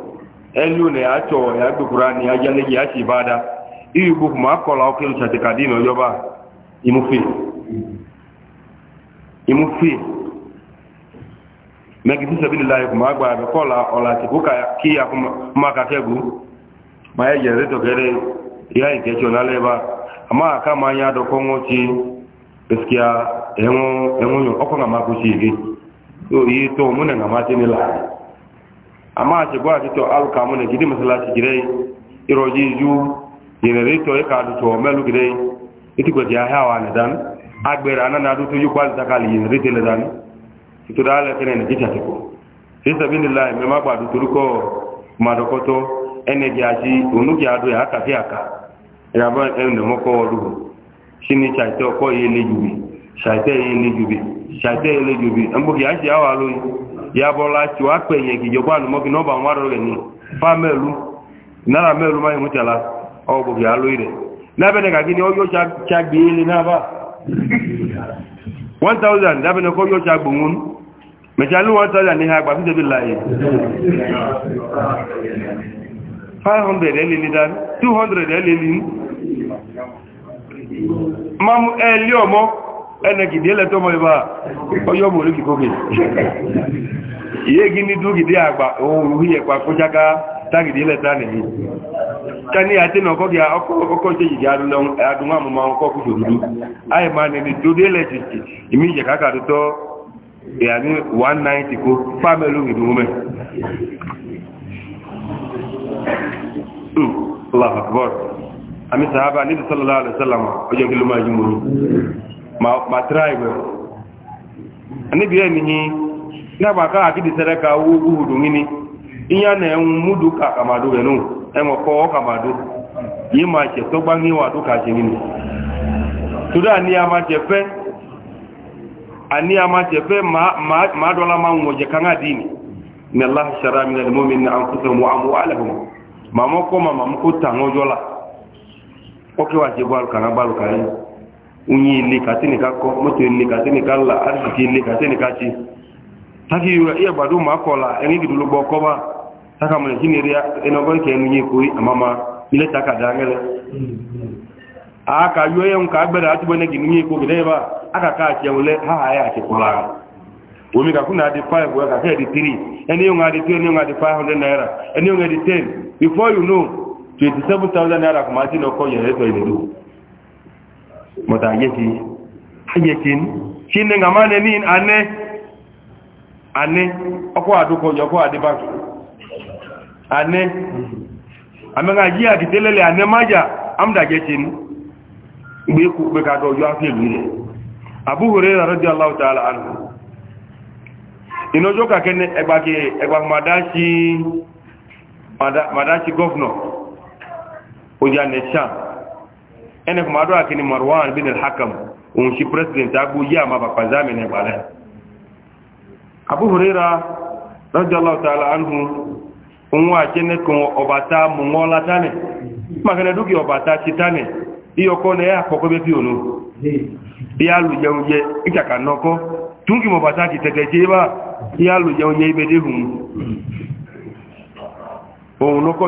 ẹnu ni a tsɔ ya gbekura ni a yanegi a tsi ba da iye gbogbo ma kɔla o kele tsatsi ka di nɔ yɔba imu fi imu fi mɛgidi sɛbi ni la yi kuma agba bɛ kɔla ɔla ti ko kuma ka kɛ gu ma yɛ yɛrɛ tɔ kɛ dɛ ya yi kɛ tsɔ n'alɛ ba ama aka ma ya dɔ kɔngɔ tsi esikia ɛŋɔ amma a cigwa ci to alka mu ne gidi masalaci gidai iroji ju generator ya kadu to melu gidai iti ko ya hawa na dan agbera nan na dutu ju takali generator na dan to dala na ne kita ko fi lai me ma ba dutu ko madokoto energy ya aka fi aka ya ba en de moko odu ko jubi jubi jubi ambo awa ya bụla tsi wa kpɛ yɛ gidzɔ kó anumɔ kini ɔba ŋua dɔ lɛ nara mɛlu ma yi ŋutsa la ɔwɔ gbogbo alo yi na n'abɛ ni ɔyɔ tsa gbe yi li n'ava one thousand n'abɛ ne kɔ yɔ 1000 gbo agba mɛtsa ni one ẹnẹ kìdí ẹlẹ́tọ́ mọ́ ibá ọjọ́ mọ̀lú kìkókè ìyégi ní dúkìdí àgbà ohun ìyẹ̀ pàkójáká tágìdí ẹlẹ́ta nìyí kání àti nọ̀kọ́ kí ọkọ̀ a, ìdí adùnmọ́ àmúmọ́ ọkọ̀ a dòdúdú ayé máa ní ní dúdú ẹlẹ́tì ìmí ìyẹ̀ ma try well ani bi eni ni na ba ka akidi sere ka wo gudu ngini iya na en mudu ka kamadu enu en mo ko kamadu yi ma se to gba ni wa du ka se ngini tuda ni ama je fe ani ama je fe ma ma ma dola ma ngo je kanga dini ni allah shara min al mu'minina anfusahum wa amwalahum ma mo ko ma ma ko tango jola o ke wa je gwa kan ba lu unyi ile katini ka kọ moto ile katini ka la arziki ile katini ka ci taki yiwa iya gbado ma kọla ẹni gidolo gbọ kọba taka mọlẹ kí ni rí ẹni ọgbọn kẹ ẹnu yẹ kori àmàmà ilé ka dá ngẹlẹ a ka yọ yẹn ka gbẹdẹ ati bọ nẹgì nìyẹn kó gidẹ yẹba a ka ká àti ẹwọlẹ ha ha yà àti kọla omi kakú na adi five wẹ kakẹ́ ẹdi three ẹni yóò adi two ẹni yóò adi five hundred naira ẹni yóò adi ten before you know twenty seven thousand naira kò máa ti lọ kọ yẹrẹ tọ ìlẹ̀ dùn. mọ̀tà ayéti ayéti ní kí ní gàmá ní ní ané ané ọkọ̀ àdúkọ yọkọ̀ àdébákì ané àmẹ́gà yí àkìtẹ́lẹ́lẹ̀ ané májà amdàjẹ́ti ní gbékú gbékàgọ́ ojú áfíèlú rẹ̀ abúhùrẹ́ ìrànlọ́dí aláwọ̀tàlá àná ìnájọ́ kàkẹ́ ní ẹgbàgbé ẹgbàgbàmádáṣí gọ́fnọ̀ ene kuma adwa akini marwan bin al-hakam un shi president abu ya ma ba zame ne bale abu huraira radiyallahu ta'ala anhu un wa kene ko obata mu ngola tane magana duki obata iyo kone ya koko be bi onu ya lu je unje ikaka noko ki ba ya lu je unje ibe de noko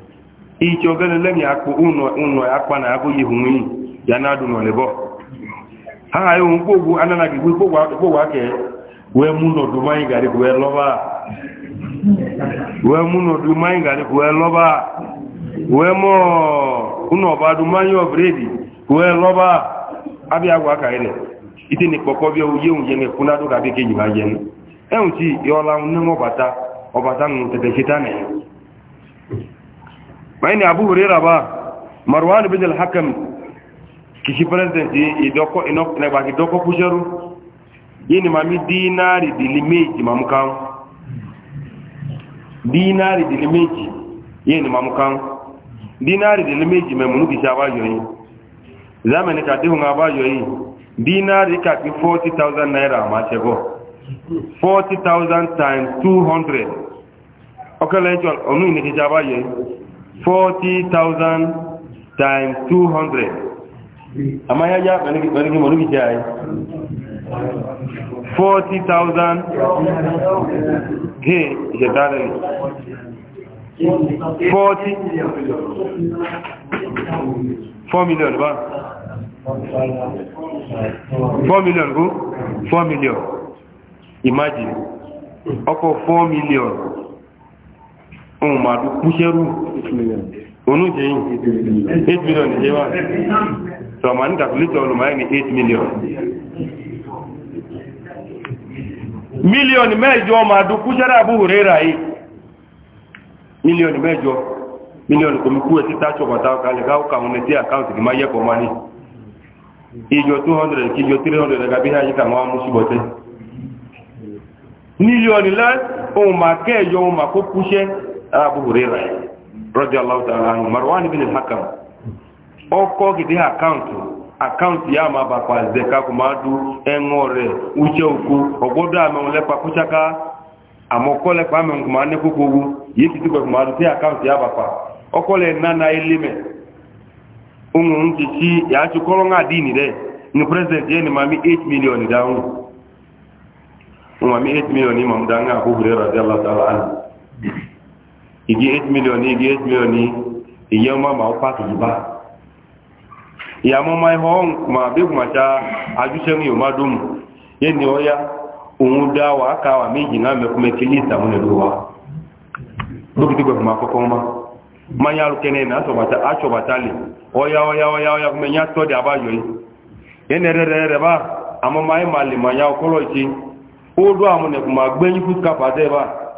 iche ogene lẹ́yìn akpọ ụnọ akpa na abụghị ihu nwunye ya na adụ n'olebọ ha ha ewu mkpogbu ananaghị gbu ikpogbu aka wee mụ nọdụ mmanya gari wee lọba wee mụ nọdụ mmanya garị wee lọba wee mụ ụnọba dụ mmanya ọbredi wee lọba abịa agwa aka ire ite na ikpọkọ bịa uye nwunye na ekwu na-adụ ka abịa e ka eji ma jee enwuchi ya ọla nne m ọbata ọbata nwụ tete na ya bayani abu hurera ba marwan bin al-hakam kishi president idoko inok na ba ki doko kujeru yini mami dinari dilimeji mamukan dinari dilimeji yini mamukan dinari dilimeji me munu kisha ba yoyi zamani ka dihun ba yoyi dinari ka ki 40000 naira ma chego 40000 times 200 okale jol onu ni kisha ba Forty thousand times 200 amma ya ja ɓarki marubi jayi 40,000 ke jadadari 40 4 million ba Four million go Four million imagine ọkọ̀ four million ohun ma dùn kúṣẹ́rù onújẹ yìí eight million ní jẹ́wà sọ̀mà ní ní eight million mílíọ̀nù mẹ́jọ ma dùn kúṣẹ́rù àbúrò rẹ̀ rà mílíọ̀nù mẹ́jọ mílíọ̀nù kò mú kú ẹ̀ títà ní ohun kẹ́ẹ̀yọ ohun abu hurera radiyallahu ta'ala anhu marwan ibn al-hakam gidi account account ya ma ba kwa zeka kuma du enore uche uku ogodo ame ole pa kuchaka amokole pa ame kuma ne kukugu yiti tu kuma du te account ya ba pa okole nana ya chukolo nga dini de ni president ye ni mami 8 million dawu mami 8 million imam danga abu hurera radiyallahu ta'ala anhu igi 8 million igi 8 million ìyẹ ọmọ ma ó pàtó jù bá ìyàmọ́ máa ẹ̀họ́ ma bí kò máa ṣá ajúṣẹ́ ní ìyọ̀má dómù yẹn ni ọya òun dá wà á ká wà méjì náà mẹ́kúnmẹ́ kí ní ìtàwọn ẹ̀dọ́ wa lókìtì gbẹ̀fọ̀ máa kọ́kọ́ ma máa yá lókẹ́ náà aṣọ̀bàtà lè ọya ọya ọya ọya kúmẹ́ yá tọ́ di abáyọ yìí yẹn rẹ̀ rẹ̀ rẹ̀ bá àmọ́ máa ẹ̀ máa lè máa yá ọkọ́lọ́ ìṣe ó dó àwọn gbẹ́yìn fúkà pàtẹ́ báà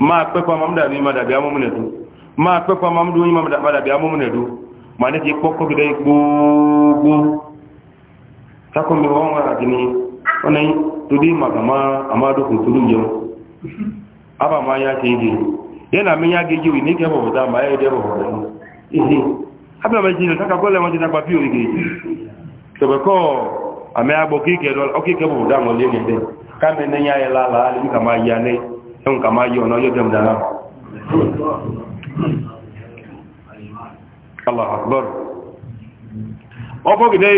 maa kpekwa mamda bi ma dabi amumu ma kpekwa mamdu yi ma dabi amumu nedu ma ne ti kpɔkɔ bi dai gbogbo tako mi wɔn wa adini ma kama ama do ma ya ke na mi ya ke je wi ne kɛ ta ma ye de bɔbɔ dɛ ehe ma ma fi kɔ ame agbɔ kɛ dɔ la ta ne k'ame ne ya yɛ la la ale bi ya ne. ẹ̀hùn kà máa yọ ọ̀nà ọjọ́ jẹun dára aláàbọ̀rọ̀ ọbọ̀gidẹ́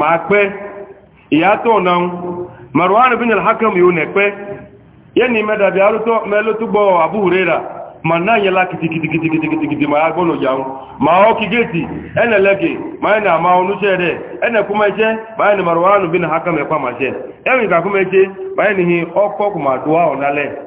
máa pẹ́ ìyàtọ̀ ọ̀nà marwan bin al-hakam yóò nẹ̀ pẹ́ yẹ́ ni mẹ́dàbí arútọ́ mẹ́lótúgbọ́ àbúhùrẹ́ra ma náà yẹ lá kìtìkìtìkìtìkìtì ma agbọ́nà ma ọ kí gẹ́ẹ̀tì ma ẹnẹ àmà onúṣẹ́ rẹ̀ ma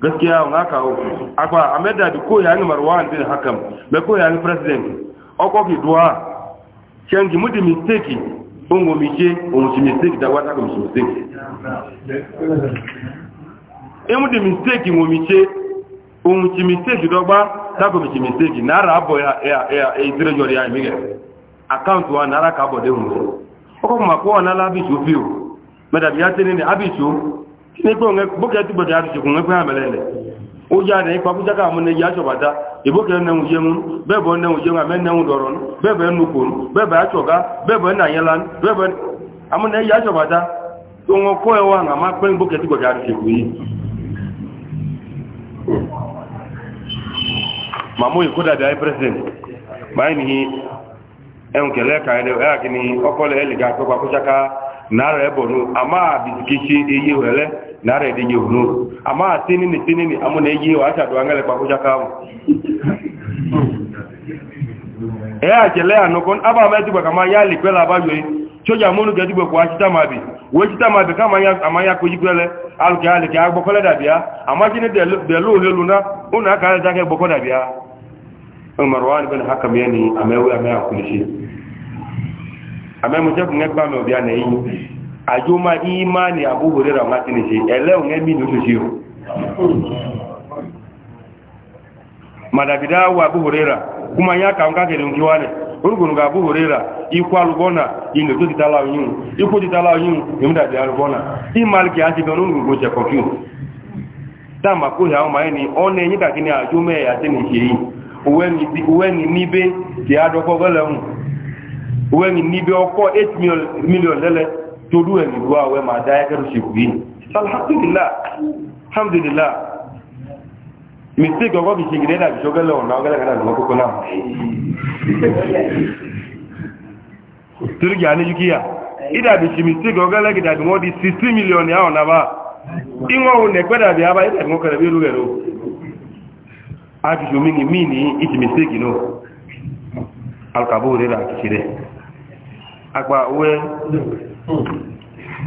gaskiya wa haka akwa ameda bi ko yani marwan bin hakam be ko yani president oko ki dua changi mistake ongo mije ongo mistake da wata mistake e mistake ngo ta mistake abo ya ya ya jori ya mige account wa nara ka bo de ngo oko ma ko na labi fiu bi nígbà bókẹ́ tí bọ̀dá àti ṣùkùn ẹgbẹ́ àmẹ́lẹ́lẹ̀ ó yá ní ipa kú jákà mú ní yá ṣọ̀bàdá ìbókẹ́ nẹ́hùn jẹun bẹ́ẹ̀bọ̀ nẹ́hùn jẹun àmẹ́ nẹ́hùn na bẹ́ẹ̀bẹ̀ nukùn bẹ́ẹ̀bẹ̀ àṣọ̀gá bẹ́ẹ̀bẹ̀ nàyẹ́lá bẹ́ẹ̀bẹ̀ amúnẹ́ na ṣọ̀bàdá tó wọn kọ́ ya àmà pẹ́lú bókẹ́ ga nara ede nye hunu ni tinini ni amu na eji wa acha duanga le pakuja kawo e ajele anokon aba ma ti kama ya li pela ba yoyi choja munu ga ti gbe kwa chita mabi we chita mabi kama ya ama ya koji gbele alu ga ali ga gbo kole dabia ama jini de de lo le luna una ka da ga gbo kole dabia marwan bin hakam yani amewe amewa kulishi amewe mu je ngba me obi anayi àjọmá ìmáni àbúhòrè rà máa ti ní ṣe ẹlẹ́un ẹ́mì ní oṣooṣe o madàbídá wà àbúhòrè rà kú ma yá kàún kákẹ̀lẹ̀ òun kí wá nẹ̀ orúkùnrùn àbúhòrè rà ikú alùbọ́nà ilẹ̀ tó ti tálá oyún ikú ti tálá oyún ìmúdàbí alùbọ́nà ìmàlìkì àti ìbẹ̀rún orúkùnrùn jẹ̀kọ̀ fíò dáàmà kó ìyá ọmọ ẹni ọ́nà ẹ̀yìn kàkí ní àjọ mẹ́ẹ̀ àti ní ṣe yìí òwẹ́ni níbé tí a gọ́lẹ̀ hùn òwẹ́ni níbé ọkọ́ 8 million lẹ́lẹ́ toru ẹni ìlú ma da dá ẹgẹ́rù ṣe kù yìí alhamdulillah alhamdulillah mistake ga kìí ṣe gìdẹ́ dàbí ṣọ́gẹ́lẹ̀ ọ̀nà ọgẹ́lẹ̀gẹ́lẹ̀ lọ́wọ́ kókó náà tírígì àníjú kíyà mistake ọgẹ́lẹ́gẹ́ dàbí wọ́n di 60 million ní àwọn nàbà ìwọ̀n òun nẹ̀pẹ́ dàbí abá ìdàbí wọ́n kẹrẹ̀ bí olú mi ni mistake no alkabo rẹ̀ rà kìí Hmm.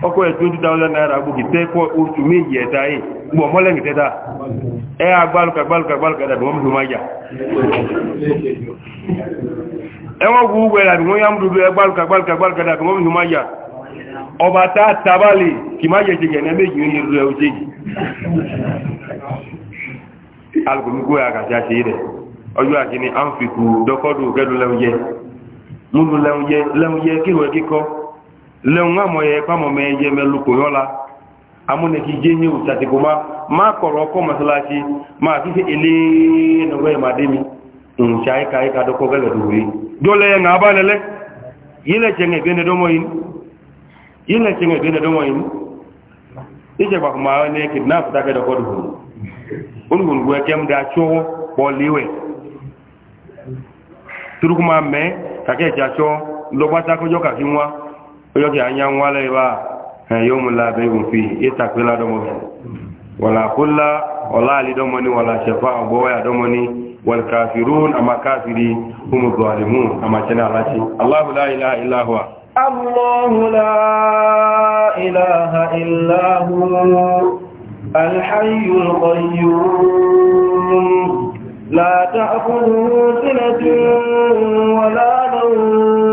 ọkọ̀ ẹ̀ 20,000 naira gbogbo tẹ́kọ̀ oṣù méjì ẹ̀ta yìí gbọ́ mọ́lẹ̀mì tẹ́ta ẹ agbálùkà gbálùkà gbálùkà dàbí wọ́n mú ma jà ẹwọ́n gbogbo ẹ̀ wọ́n yá múdúdú ẹ gbálùkà wọ́n mú ma jà ọba tá nwa lenwa moye kwa mo meje meluko yola amune ki jenye utati kuma ma koro ko masalati ma fi ele no we mademi un chai kai ka do ko gele duwi dole nga balele yile chenge gene do moyin yile chenge gene do moyin ije ba ma ne kidnap ta ke do ko du ungun gwe kem da cho poliwe turukuma me kake ja cho lo bata ko joka kinwa olókè anyan wálẹ̀ ibá yóò mú lábẹ́ ìwò fi ìtàkìlá dọ́mọ́ wàlá kúlá ọlá àlídọ́mọ́ ní wàlá ṣẹfà ọgbọ́wẹ́ àdọ́mọ́ ní wàlkàfirún àmà káfìrí húnmù zọ̀lìmù àmà tẹ́lẹ̀ aláṣẹ aláhùlá ilá ìláhùwà aláhùlá iláha ìláhù الحي القيوم لا تأخذه سنة ولا نوم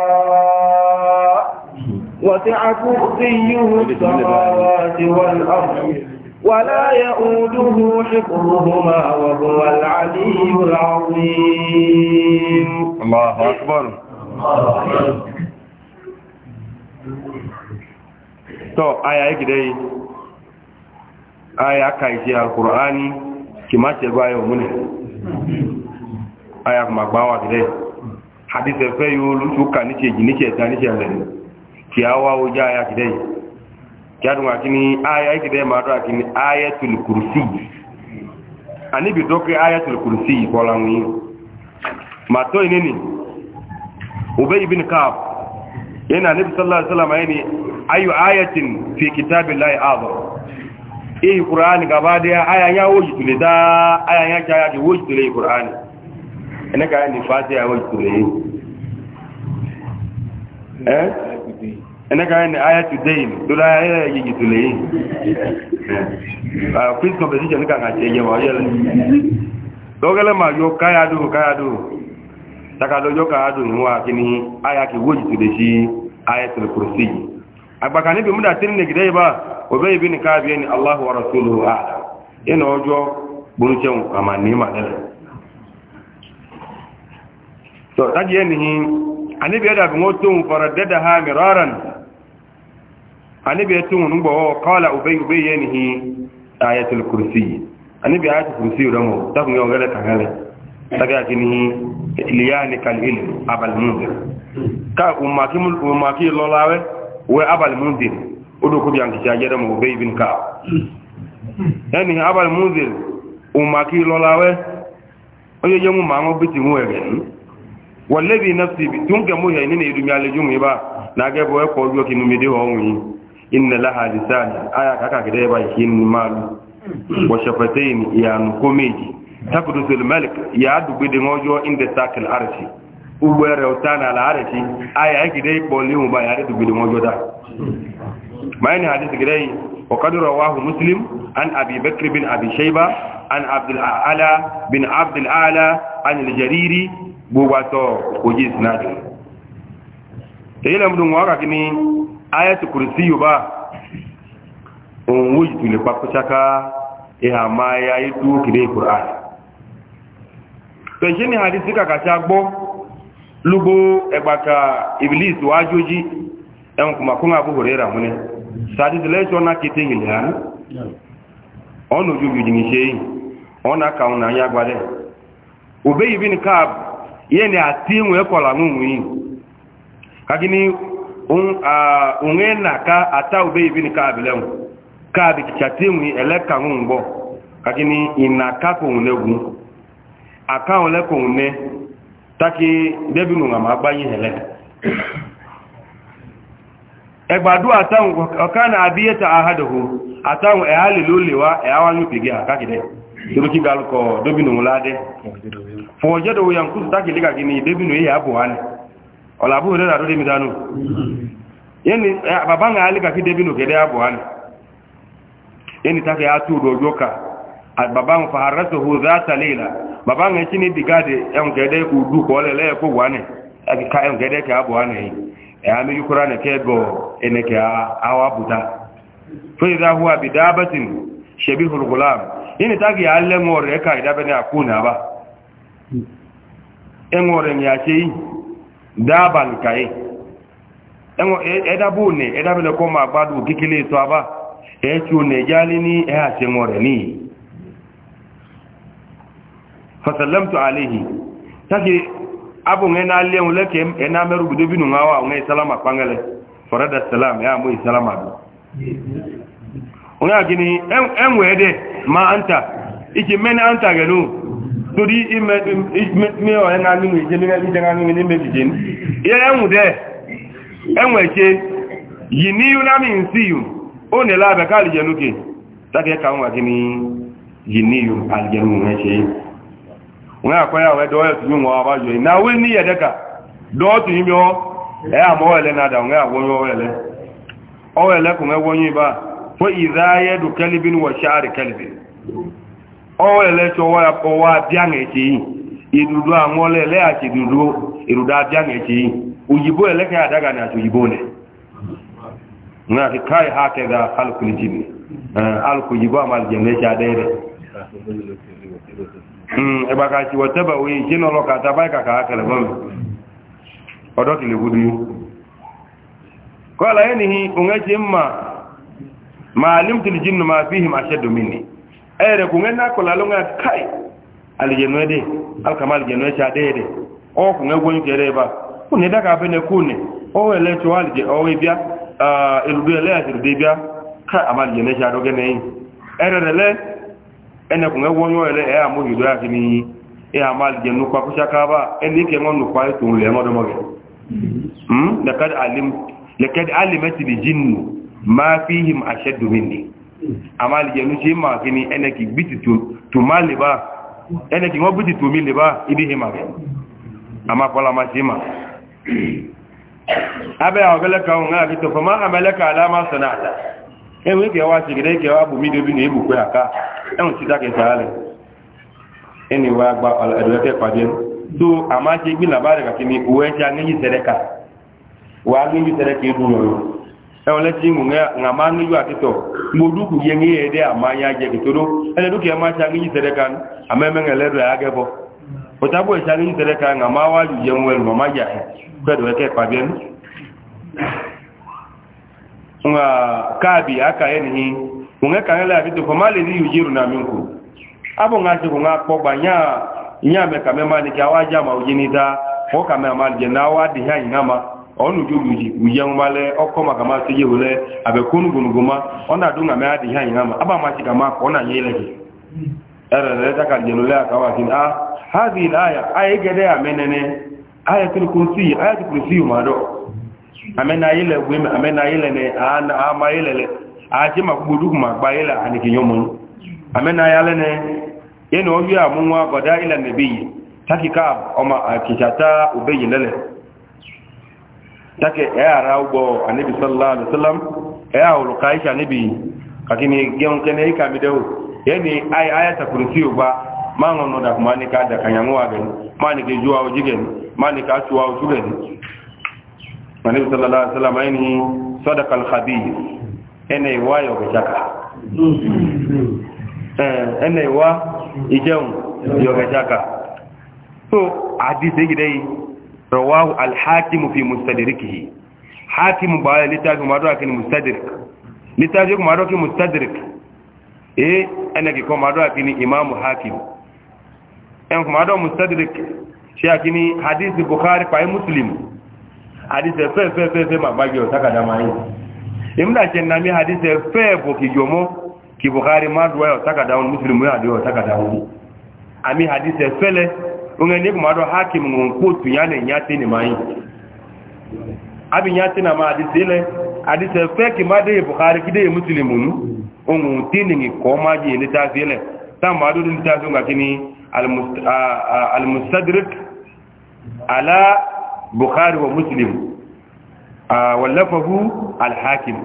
وسع كرسيه السماوات والأرض ولا يؤوده حفظهما وهو العلي العظيم الله أكبر to aya yake dai aya yi alkur'ani kimace bayo mune aya kuma gbawa dai hadith fe yo lu tuka ni ce ni ce ta ni ce lani ki awa oja aya kidai kyadu akini aya kidai madu akini ayatul kursi ani bi doke ayatul kursi kola ngi mato inini ubay ibn kab yana nabi sallallahu alaihi wasallam yani ayu ayatin fi kitabillahi azam eh qur'ani gaba da aya ya woji tule da aya ya kaya ki woji tule qur'ani ina ka ni fatiha woji tule eh ẹnẹ́gbẹ̀rẹ́ ni aya today tó láyé ayẹ́ yìí tó lèyìn quiz competition ní kàkà ṣe yẹwà ọyẹ́lẹ́ lọ́gẹ́lẹ́ ma yọ káyàdó káyàdó takalọ́jọ́ káyàdó tó níbi tó fara ha anabi ya tun ngbo qala ubay ubay yanhi ayatul kursi anabi ayatul kursi domo ta kun yogale ta daga kini liyani kal ilm abal mundir ka umma ki umma ki lolawe we abal mundir odo ko bianki ja jere mo ubay bin ka yani abal mundir umma ki lolawe oye ma biti mu ebe wallazi nafsi bi tunga mu idumi ba na ga bo ko yo kinumi de ho ngi inna laha lisani aya kaka gida ba shi malu wa shafatain ya nukomeji tabdusu almalik ya dubi de ngojo inda takal arshi ubere utana ala arshi aya gida iboli mu ba ya dubi ngojo da maani hadith gida wa qad rawahu muslim an abi bakr bin abi shayba an abd ala bin abd ala an al-jariri buwato kujis nadi tayla mdun waka kini ayatu kursiyu ba on wujitu le papo chaka iha ma ya itu kide qur'an to jini hadisi ka kacha gbo lugo egbaka iblis wajuji en kuma kuma abu hurera mune sadi dile chona kitingi le han ono juju dingi sei ona ka una ya gbare ubay ibn kab yene atinwe kola nunwi kagini onye aa nhu na-aka atahụ bụ eyivin kaịp lé wu kaịp kachasị enwee elé kaṅụnwụ gbọ kakini aka kpọnwụnè wu akawụ lé kpọnwụnè takị bebi nwụrụ ama gbaa nyi hélé egba dụ atahụ ọkanna abi ya ta aha dịhụ atahụ eha elili o liwa eha ha nyu pege ha kaki dè dozie ga lụkọọ dobi nwụrụ dị fụọ dịdọ o ya nkụtụ takị dị ka kinii bebi nụ eya ọ̀làbú ìrẹ́ ìrà lórí ìmìdánù yẹni bàbá ń alẹ́ kàkí débi nù gẹ́dẹ́ àbọ̀ hàn yẹni tàkì àtú òdòjò ká bàbá ń fa arẹ́sọ̀ hù záàtà léèlà bàbá ń ẹ̀kí ní dìgáàdì ẹ̀hùn gẹ́dẹ́ kùdú kọ́lẹ̀ lẹ́ẹ̀kọ́ wà ní ẹ̀hùn gẹ́dẹ́ kẹ́ àbọ̀ bá ẹ̀hùn ọ̀rẹ́ ni àṣẹ dáàbà nìkàyé ẹ̀dàbò nì ẹ̀dàbìlẹ̀kọ́ ma gbádùn kíkílé ètò àbá ẹ̀ẹ́tù nìjálí ní ẹ̀ àṣẹwọn rẹ̀ níyì fasalamtu alayhi taki abu ngena lewu leke na meru budu binu ngawa ngai salama pangale farada salam ya mu salama bi unga gini enwede ma anta iki mena anta genu torí mẹ́wàá ẹ̀nà nínú ìjẹ́ mẹ́gbẹ́jẹ́ nínú ní méjìjẹ́ ní yẹ ẹ̀wùn dẹ́ ẹ̀wùn ẹ̀ṣẹ́ yìí ní ya ń sí ya ó nílá àbẹ̀ká ya tàbí ẹ̀ka wọn ya ya yìí ní yìí àlìjẹnú ẹ̀ṣẹ́ wọn àkọ́yàwó ẹ̀dọ́ ẹ̀tùmí wọn àbájọ ìnáwó ya ẹ̀dẹ́ka dọ́ọ̀tù yìí mọ́ ẹ̀ ya ọwọ́lẹ̀lẹ́tọ́ ọwọ́ abíáǹẹ̀tì yìí ìdùdó àwọn ọlẹ́lẹ́ àti ìdùdó ìrùdá abíáǹẹ̀tì yìí òyìnbó ẹlẹ́kẹ́ àdága ní àti òyìnbó nẹ̀ ní àti káì ha kẹ́gà alùkùnrin jìnnì alùkùnjìbó àmàlìjẹ̀mẹ́sẹ̀ adẹ́rẹ̀ ẹgbàkà ti wọ̀tẹ́bà òye ìjẹ́nà ọlọ́kà àtàbáyé kàkà ákẹlẹ̀ mọ́mí ọdọ́ kìlẹ̀ gudu kọ́lá yẹ́ nìyí òun ẹ́ ti e kò ngẹ́ nákọ̀lá ló ń gá káì alìjẹ̀nú ẹ̀dẹ̀ alìkàmà alìjẹ̀nú ẹ̀ṣẹ̀ adẹ́ẹ̀dẹ̀ ọkùn ẹgbọ́n jẹ́rẹ̀ ẹ̀bá kò ní dáka abẹ́nẹ kó nẹ̀ ọwọ́ ẹlẹ́tọ́ alìjẹ̀ ọwọ́ ibíá èlùdó ẹlẹ́yàtìlùdó ibíá káì àmà alìjẹ̀nú ẹ̀ṣẹ̀ adọ́gẹ́nẹ́yìn ẹ̀rẹ̀ rẹ̀ lẹ́ ẹnẹkùn ẹgbọ́n yọ ẹlẹ́ ẹ̀ àmóhìdó yà kìíní ẹ̀ àmà alìjẹ̀nú pa kúṣákábà ẹni kẹ́ wọn nùpa ètò ìlẹ̀ jinnu àmàlìjẹ̀nú ṣe máa kí ni ẹnẹ́kì wọ́n bìtì tó mi lè bá ibi hìmà àmàkọ́lá máa ṣe máa abẹ́ àwọn ọ̀gẹ́lẹ́ka ohun náà fìtọ̀ fọmá àmẹ́lẹ́ka aláàmásọ̀nà àdá ẹ̀wọ̀n ìkẹwà ṣe gẹ́gẹ́ ìkẹwà bùmí ẹwọlẹ́ tí mú ǹgà máa ń níjú àtítọ̀ mo dúkù yẹ ní ẹ̀ẹ́dẹ́ àmá yá jẹ ìtòdó ẹni dúkù ẹ máa ṣàríyí tẹ́lẹ́ka àmẹ́mẹ́rin ẹlẹ́rẹ̀ agẹ́bọ̀ òtàbọ̀ ìṣàríyí tẹ́lẹ́ka ǹgà máa wá yù yẹ wọn ẹ̀rùn máa yà pẹ̀lú ẹ̀kẹ́ pàbẹ́nu káàbì àkàyẹ́ nìyí òun ẹ̀ka ẹ̀lẹ́ àtítọ̀ fọ́ má lè ní ìyójì rùn àmì nkù abọ̀ ńgá ṣe kùn ni kí a wá já màá òjì ní ta ọkà mẹ́ma jẹ̀ náà ọnụ jo uji uye nwale ọkọ maka masị ya wele abekonu gonogoma ọ na-adụ na megha dịghị anyị ama aba amachi ka ma ọ na-anye ile gị erere taka a aka a ah, ha dị ile aya aya egede ya menene aya kirikusi aya umado amena ile gwe amena ile ne ana ama ile le ma makbudu ma gba ile ani kinyomu amena ya le ya yenu na amunwa goda ile nebi takika oma lele take yara ugbo anabi sallallahu alaihi wasallam ya ulu kaisha nabi kakini geon kene ika mideu yani ay ayata kursi uba mango no da kuma ni ka da kanyango wa ben mani ke juwa ujigen mani ka tuwa ujigen anabi sallallahu alaihi wasallam ayni sadaqa al khabir ene wayo ke chaka eh ene wa ijeun yo ke so hadisi rawahu alhakimu fi mustadrikihi hakimu ba ya littafi ma dokin mustadrik littafi kuma dokin mustadrik eh anaki kuma dokin imam hakim en kuma do mustadrik shi akini hadith bukhari pa muslim hadith fe fe fe fe ma bagyo takada mai imda chen nami hadith fe bo kijomo ki bukhari ma do yo takada on muslim yo do takada on ami hadith fele onge ne kuma do hakim ngon kotu yane nyate ni mai abi nyate na ma adisele adise feki made bukhari kide e muslimun ongu tini ni koma ji ni tafile tamba do ni tafi ngakini al mustadrik ala bukhari wa A wala al alhakim.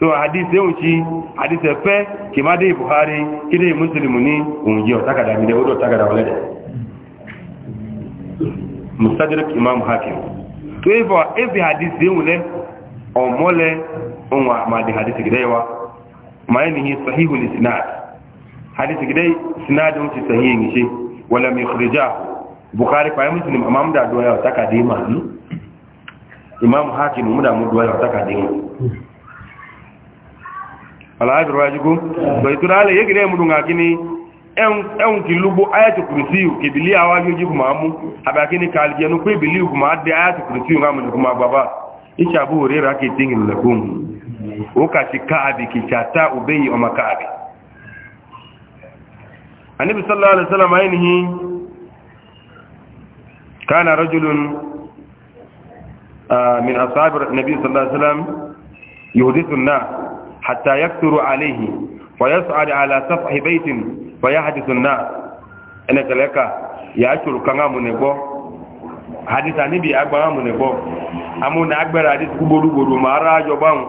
so hadith yau ci hadith fe kimade bukhari kide e muslimun ni ongu ji o takada mi de o do takada wala de mustadrak imam hakim to uh, evo evi hadis deule mole, onwa madi hadis gidewa maani hi sahihu lisnad hadis gidei sinad unti sahihi ngishi wala mikhrija bukhari kwa muslim imam da ya taka dima ni hmm? imam hakim muda mudwa taka dima ala ajru wajibu baytura ale yegire mudunga kini ẹ̀hùn kì lúgbó ayẹ́tù kùrìsí kèbìlì àwọn agbègbè kùmà mú àbàkí ní kààlì ẹnu pé ìbìlì kùmà dé ayẹ́tù kùrìsí ìhàmùn gbàbá ìṣàbò rẹ̀ rákètì ìlẹ̀kùn ó kàṣì káàbì kìṣàtà òbẹ́yì ọmọ káàbì النبي صلى الله عليه وسلم عينه كان رجل من أصحاب النبي صلى الله عليه وسلم يهدث الناس حتى يكثر عليه ويصعد على سفح بيت faya hadithu na ene keleka ya churu kanga munego haditha ni bi agba munego amuna agbara hadith kuboru boru mara joban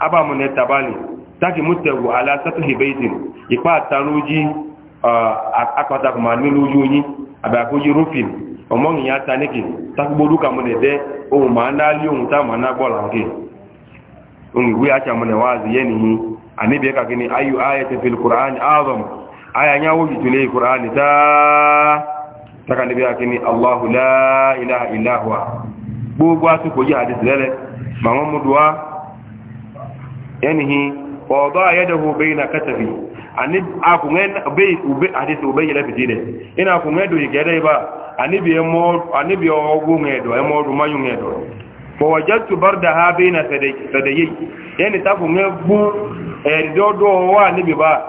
aba mune tabali, taki mutewu ala satuhi baitin ipa taruji akpata kuma ni luju yin abi akoji rufin omon ya taniki taki boru ka mune de o ma na li ohun ta ma na gbola nke ohun iwe acha mune wazi yenihi anibi ka gini ayu ayatin fil qur'an azam aya nya wo jitule qur'ani ta taka ni bi akini allah la ilaha illa huwa gbogbo asu ko ji hadith lele ma won mu duwa yanhi wa da yadahu bayna katafi ani aku ngen be ube hadith ube yele fitine ina aku ngedo yigere ba ani bi mo ani bi ogu ngedo e mo du mayu ngedo fa wajadtu bardaha bayna sadayi yani taku ngebu e eh, dodo wa ni bi ba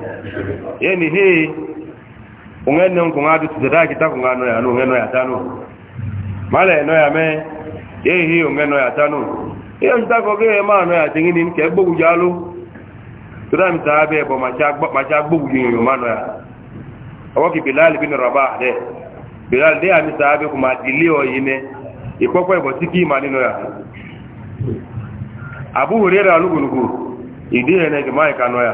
yani he ungenne ko ngadu tudada kita ko ngano ya no ngeno ya tano mala eno ya me ye hi ungeno ya tano ye nta ko ge ma no ya tingini nke gbogu jalo tudam ta be bo ma cha gbo ma cha gbogu ni yo ma no ya awaki bilal bin rabah de bilal de ami sahabe kuma dilio yine ikpọkwa ịbọ tiki ma nínú ya abu hurera alugunugu ìdí ẹ̀nẹ́gì máa ìkanú ya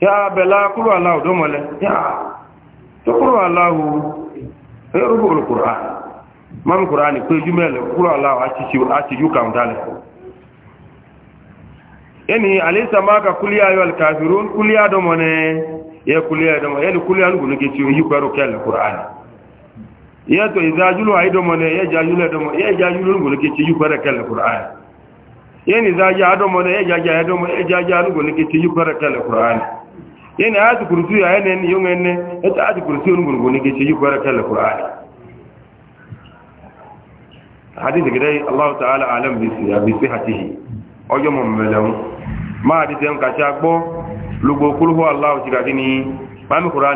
ya bela kúrò aláwò dọ́mọ̀lẹ́ ya tó kúrò aláwò ẹrùgbò olùkùrán mọ́mí kùrán ní pé jú mẹ́lẹ̀ kúrò aláwò àti yú kàùndálẹ̀ ẹni alẹ́sàmáka kúlíà yọ alkàfìrò kúlíà dọ́mọ̀lẹ́ yẹ kúlíà dọ́mọ̀lẹ́ yẹni kúlíà lùgbùnúkẹ́ tí ó yí pẹ̀rù kẹ́lẹ̀ kùrán yẹ́tọ̀ ìzájúlù àìdọ́mọ̀lẹ́ yẹ́ ìjájúlù lùgbùnúkẹ́ tí yí pẹ̀rù kẹ́lẹ̀ kùrán yẹ́ni ìzájá àdọ́mọ̀lẹ́ yẹ́ ìjájá àdọ́mọ̀lẹ́ yẹ́ ìjájá lùgbùnúkẹ́ tí yí pẹ̀rù kùrán yẹni a kurusi ya yẹni ẹni yóò ẹni ẹta ayati kurusi yóò gbogbo ní kí ṣe yí kwara kẹlẹ kur'ani hadisi gidai allahu ta'ala alam bisi abisi hatihi ọjọ́ mọ̀ mẹ́lẹ̀un máa di tẹ́m kàṣà gbọ́ lùgbò kúrúhù ti mami kwara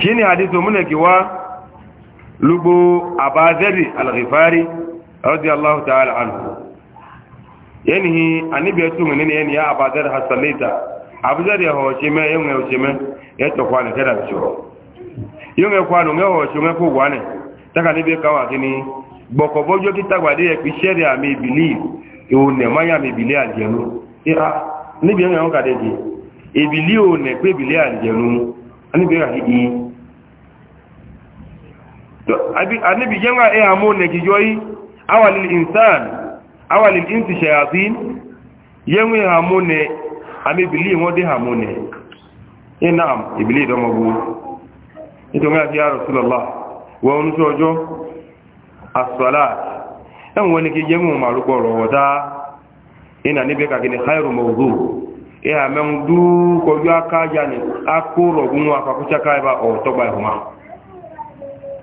shine hadithu munaki wa lubu abazari al-ghifari radiyallahu ta'ala anhu yanhi anibi yatu ngene yani ya abazar hasalita abazar ya hoche me yunga hoche me yato kwana kada bicho yunga taka nibi kawa kini boko bojo kitagwade ya kisheri ya mi believe iune maya mi believe aljenu ira nibi yunga onka deji hii annabi yana iya e mo ne ki joyi awalil insan awalil insi shayatin yenwe ha mo ne ami bili won de ha mo ne inam e ibili e do mo bu ito ga ya rasulullah wa onu sojo as-salat en woni ki yenwe ma ru gboro wota ina ni be ka kini khairu mawdu e ha men du ko ju aka ja ni akuro gun ka ku chaka o to ba huma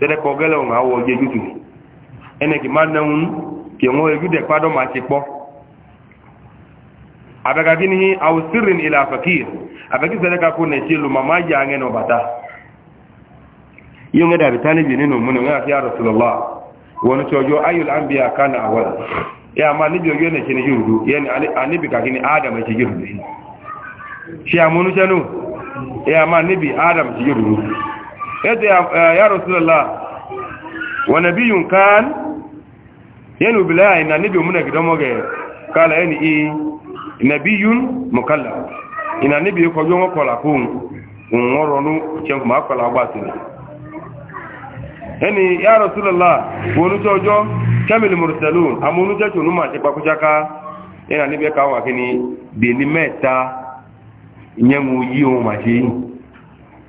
tẹ́lẹ̀ kọ́ gẹ́lẹ́ òun àwọ̀ ọjẹ́ jùtù ẹnẹ kì máa náà ń kì wọ́n ẹjú dẹ̀ pádọ́ máa ti pọ́ àbẹ̀kàkí ni àwòsírìn ilẹ̀ àfẹ́kì àfẹ́kì sẹ́lẹ̀ kakó nẹ̀ ṣe lò màmá yà á ngẹ́nà bàtà yíò ń dàbí tánìbì nínú múnà wọn àfi àrò sọlọ́lá wọn tí ọjọ́ ayọ̀lá ń àkánà àwọn ẹ̀ àmà níbi ọjọ́ nẹ̀ ṣe ni yòrùdó yẹn àníbì kàkí ni adam ẹ̀ ṣe yòrùdó ṣe àmúnúṣẹ́nu ẹ̀ àmà níbi adam ṣe yòrùdó yadda ya eh, rasulullah wa nabiyyun kan yanu bilahi na nabi mun gidan moge kala yani i ina nabi ko yo kun ngoro nu che ma ko la yani ya rasulullah wonu jojo kamil mursalun amunu je tunu ma se pa ku jaka ina nabi ka wa kini yi ma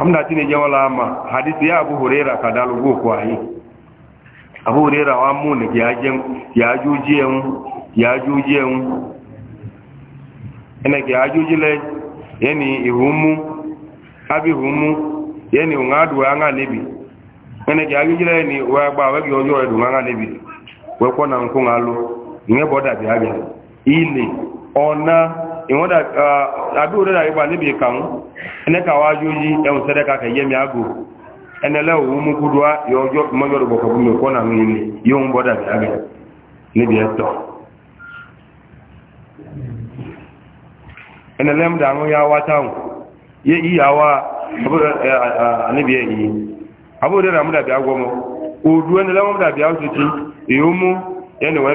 hamna tine jawala ama ya abu huraira kadalu go kwa hii abu huraira wa mune ya jem ya juje un ya juje un ene ya juje le yani ihumu abi humu yani ungadu anga nibi ene ya juje le ni wa gba wa gi ojo edu anga nibi we ko na nkun alu nye boda bi aga ile ona ìwọ́n àbí òrẹ́dà yípa níbi ìkàún ẹnẹ́ka wá yóò yí ẹ̀hùn sẹ́dẹ́ka kẹ̀yẹ́ mi àgò ẹnẹ́lẹ́ òun mú kúrò yọjọ́ mọ́jọ́rọ̀ bọ̀kọ̀ fún mi kọ́nà mi ni yóò ń bọ́dà dábẹ̀ níbi ẹ̀tọ́ ẹnẹ́lẹ́ ń dàánú yá wá táwọn yé yíyá wá níbi ẹ̀ yìí àbí òrẹ́dà mú dàbí àgọ́mọ́ òdu ẹnẹ́lẹ́ mú dàbí àgọ́tì ìhómú ẹnìwẹ́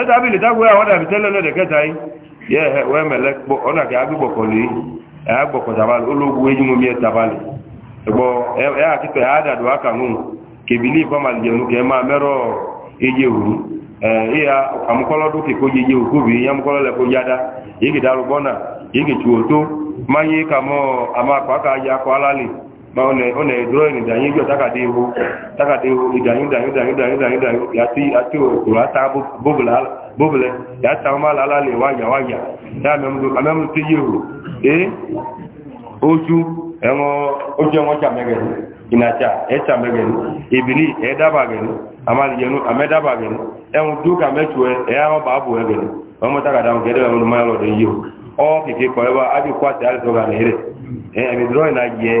ẹta bí lè dágbé àwọn dàbí tẹ́lẹ̀ lẹ́dẹ̀ kẹta yìí yẹ ẹ wẹ́ mẹ́lẹ́ ọ̀nà kí agbẹ́gbọ̀kọ̀ lè ẹ agbọ̀kọ̀ tabali ológun ejú mọ́ mi ẹ tabali ẹgbọ́ ẹ àkíkọ̀ ẹ àdàdo akànún kèbílì ìfọ́màlì jẹun kẹ máa mẹ́rọ eye òru ẹ ìyá amukọ́lọ́dún kìkó yeye òkúbi yamukọ́lọ́ lẹ́kọ́ yada yéèkì darúgbọ́nà yéèkì tuwòtó máyé kàmọ́ àmàkọ́ ma ọ na-edoro ịnịda anyị gbe takada ihu ihu idanyu danyu danyu danyu danyu ya ti ati okporo ata ya ta ụmala ala na wanya wanya ya amem ti yehu ee oju ẹwọn ojú ẹwọn jàmẹgẹrẹ ìnàjà ẹjàmẹgẹrẹ ìbìlì ẹdàbàgẹrẹ àmàlìyẹnu ẹ ọ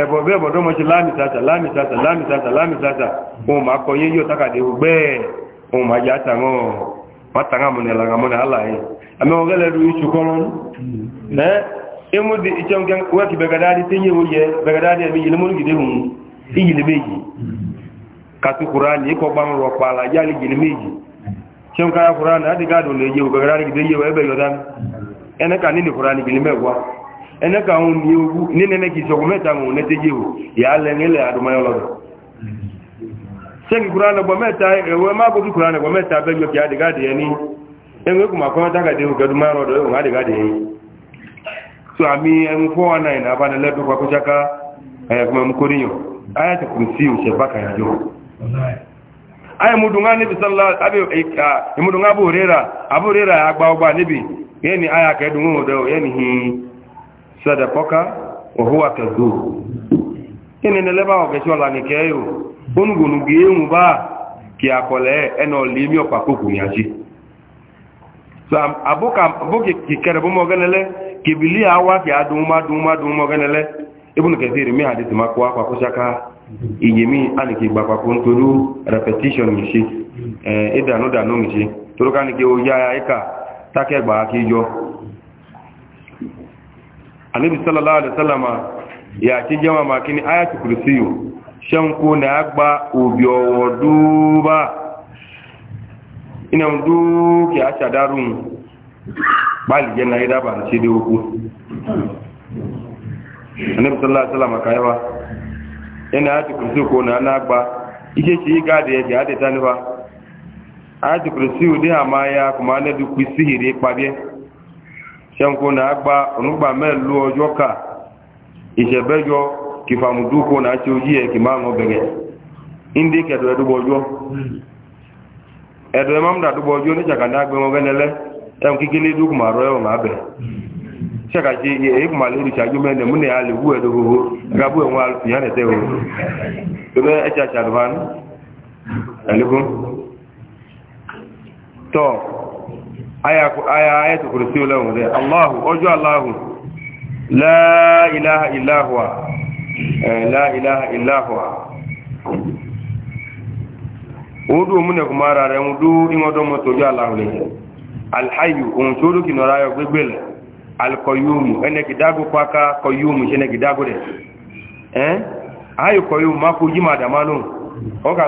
ẹ̀bọ̀ bẹ́ẹ̀ bọ̀ dọ́mọ̀ ṣe lámìsáta lámìsáta lámìsáta lámìsáta ohun ma kọ yé yóò tákàdé gbẹ́ ohun ma yá tàwọn mátàrà mọ̀nà ìlànà mọ̀nà aláyé àmẹ́wọ̀n gẹ́lẹ̀ rú iṣu kọ́rọ̀ ní ẹmú di iṣẹ́ wẹ́kì bẹ̀gàdáàdì tí yíò yẹ bẹ̀gàdáàdì ẹ̀mí yìí lẹ́mọ́nù gìdé hùn ìyìlì méjì kàtùkùrá ní ikọ̀ gbà ń rọ̀ pààlà yálì gìdé méjì ṣẹ́un káyà kùrá ní adìgádùn lè yẹ bẹ̀gàdáàdì gìdé yẹ ẹ̀bẹ̀ yọ̀dá ẹnẹ́kà nínú ẹnẹ́ka ohun ní ogú ní nẹ́nẹ́kì ìṣọ̀kù mẹ́ta ohun nẹ́tẹ́jẹ́ o ìyá lẹ́nilẹ̀ àdùmáyọ́lọ́dọ̀ sẹ́kì kúránàgbọ̀ mẹ́ta ẹ̀wọ́ má bókí kúránàgbọ̀ mẹ́ta bẹ́jọ kí adìgáde ẹni ẹgbẹ́ kùmà kọ́ tágàdé òkèdùmáyọ́lọ́dọ̀ ẹ̀wọ̀n adìgáde ẹni so àmì ẹnu 419 abánilẹ́dùn kwakúṣáká ẹ̀kùnmọ̀ mkóríyàn ayàtì kùn sí òṣè bákà ìjọ ayà mùdùnmá níbi sọ́lá ìmùdùnmá bó rẹ́ra àbó rẹ́ra àgbà ọgbà níbi yẹ́ni ayà kẹ́dùn òun ọ̀dọ̀ yẹ́ni hìn sadakọka ohuwa kazu ina e ne leba oge ti ola nike yo onugunu gi ehun ba ki akole ena ole mi opa koku ni so abuka abuki kikere bo mo ganele kibili awa ma ma e mi kwa kwa kushaka iyemi aniki gba kwa repetition mi eh, e mi toroka ke o ya eka gba anabi sallallahu alaihi wasallama ya ki jama makini ayatu kursiyu shan ko na agba obiowo duba ina ndu ki acha darun bali je na ida ban ci de oku anabi sallallahu alaihi wasallama kaiwa ina ayatu kursiyu ko na na agba ike ci ga de ya ade taniba ayatu kursiyu de amaya kuma na du kwisihiri pabe ṣẹ́nkó na gba onúgbà mẹ́lú ọjọ́ ká ìṣẹ̀bẹ́jọ kìfàmùdúkò náà tí ó yí ẹ̀ kì máa ń ọbẹ̀rẹ̀ ndí kẹ̀dọ̀ ẹ̀dúgbọ̀jọ́ ẹ̀dọ̀ ẹ̀mọ́mdà dúgbọ̀jọ́ ní ṣàkàndá agbẹ̀wọ̀n gẹ́nẹ́lẹ́ ẹ̀hùn kíkílé dúkùmà rọ ẹ̀hùn àbẹ̀ ṣàkàṣe a aya ayatul kursi lahu de Allahu la ilaha illa huwa eh, la ilaha illa huwa odu mun ko mara re odu ingodo mo tojo allah alhayu al hayyu on todu ki nora yo gbegbele al qayyum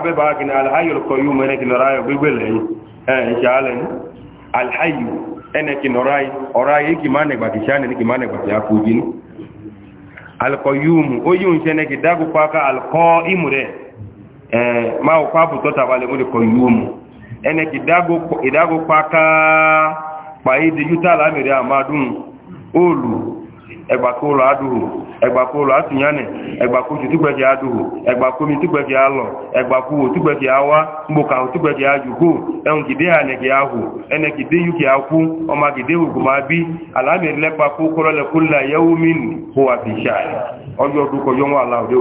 be ba ki al hayyu al qayyum ene ki alhayu ene ki norai orai ki mane gba ki shane ki mane gba ya kujin alqayyum oyun shene ki dagu paka alqaim re eh ma o pa bu to ta wale mo qayyum ene ki dagu idagu paka pa yuta la mere amadun olu egbako ụlọ adụghụ egbako ụlọ atụnyane egbako uchu tugbegi adụghụ egbako omi tugbegi alọ egbako uwo tugbegi awa mgboka ahụ tugbegi ajuku enwugide ha negi ahụ enegide yuki akwụ ọmagide ugumabi ala merilekpakwu kọrọlekwula ya umin hụwa fisha ọjọ dukọ kọjọ nwa ala ọjọ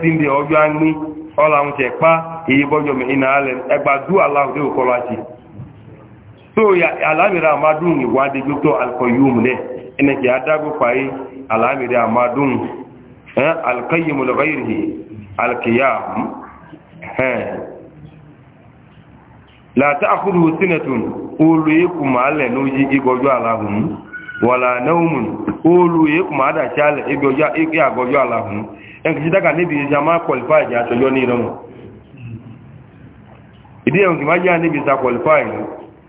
si ndị ọjọ bọjọ ina ala so ya alamiri amadun ni wa dejo to alqayyum ne ina ki adago pai alamiri amadun eh alqayyum li ghayrihi alqiyam eh la ta'khudhu sinatun ulu yakuma ala nuji igojo alahum wala nawmun ulu yakuma ada chale igojo igojo agojo alahum en ki daga ni bi jama qualify ja to yo ni romo idi ki ma ni bi sa qualify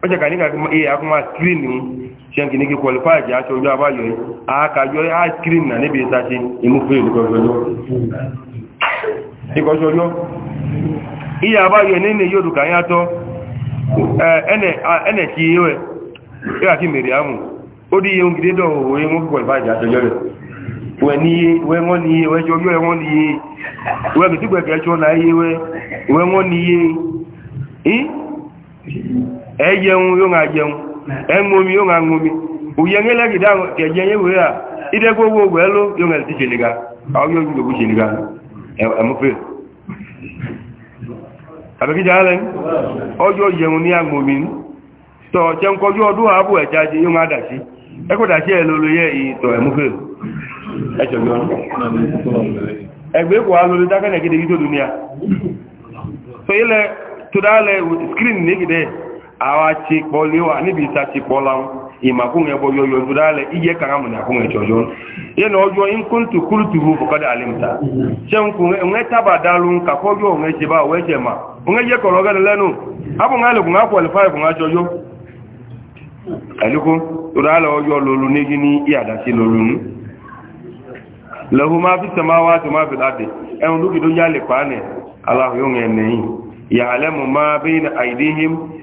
ọjọ́ kà nígbà iye eh, akọ́mà screen ní ṣẹ́nkì ní kí qualify jẹ́ aṣọ ojú abáyọ̀ yìí àákàjọ́ high screen náà níbi ìsáṣe inú fún ìlú kọjọ́jọ́ ìkọjọ́jọ́ iye abáyọ̀ ní ilé yóò dùkà yàtọ̀ ẹnẹ̀ kí iye rẹ̀ yóò kí mèrè àmù ó dí iye ògidé dọ̀ òwe wọn kí qualify jẹ́ aṣọ rẹ̀ wẹ̀ ní iye wẹ́ wọ́n ní iye wẹ́jọ́ yóò wọ́n ní iye wẹ́ bìtígbẹ̀kẹ́ ṣọ́ náà iye wẹ́ wọ́n ní iye ẹ̀yẹun yóò ŋa jẹun ẹ̀ŋomi yóò ŋa ŋomi òyẹ̀ŋẹ́ lẹ́gìdá kẹ̀yẹ yẹ̀wò yà ìdẹ́gbogbo wẹ̀ ló yóò ŋa ti ṣèlégà àwọn yóò yóò ṣèlégà ẹ̀mọ́fẹ́ àbẹ̀kíjà alẹ́ ọjọ́ yẹun ní àgbòmí tọ̀ ọ̀tẹ́ ọdún ààbò ẹ̀já ṣe yóò ŋa dàṣí yẹ dákẹ́ awa ti kpɔliwa níbi ìta ti kpɔla ìmàkún ẹbọ yọyọ dúdá lẹ iye kàrà mọ̀ nàkún ẹ̀ jọjọ yẹn ọjọ́ ìkúntù kúrùtù hù fọkọ́dà àlẹ́mùta ṣe ń kún ẹ̀ tábà dálú kàkọ́jọ́ òun ẹ̀ṣẹ̀ bá òun ẹ̀ṣẹ̀ mà òun ẹ̀yẹ kọ̀rọ̀ ọ̀gẹ́ni lẹ́nu abùn alẹ́kùn ajọjọ lẹ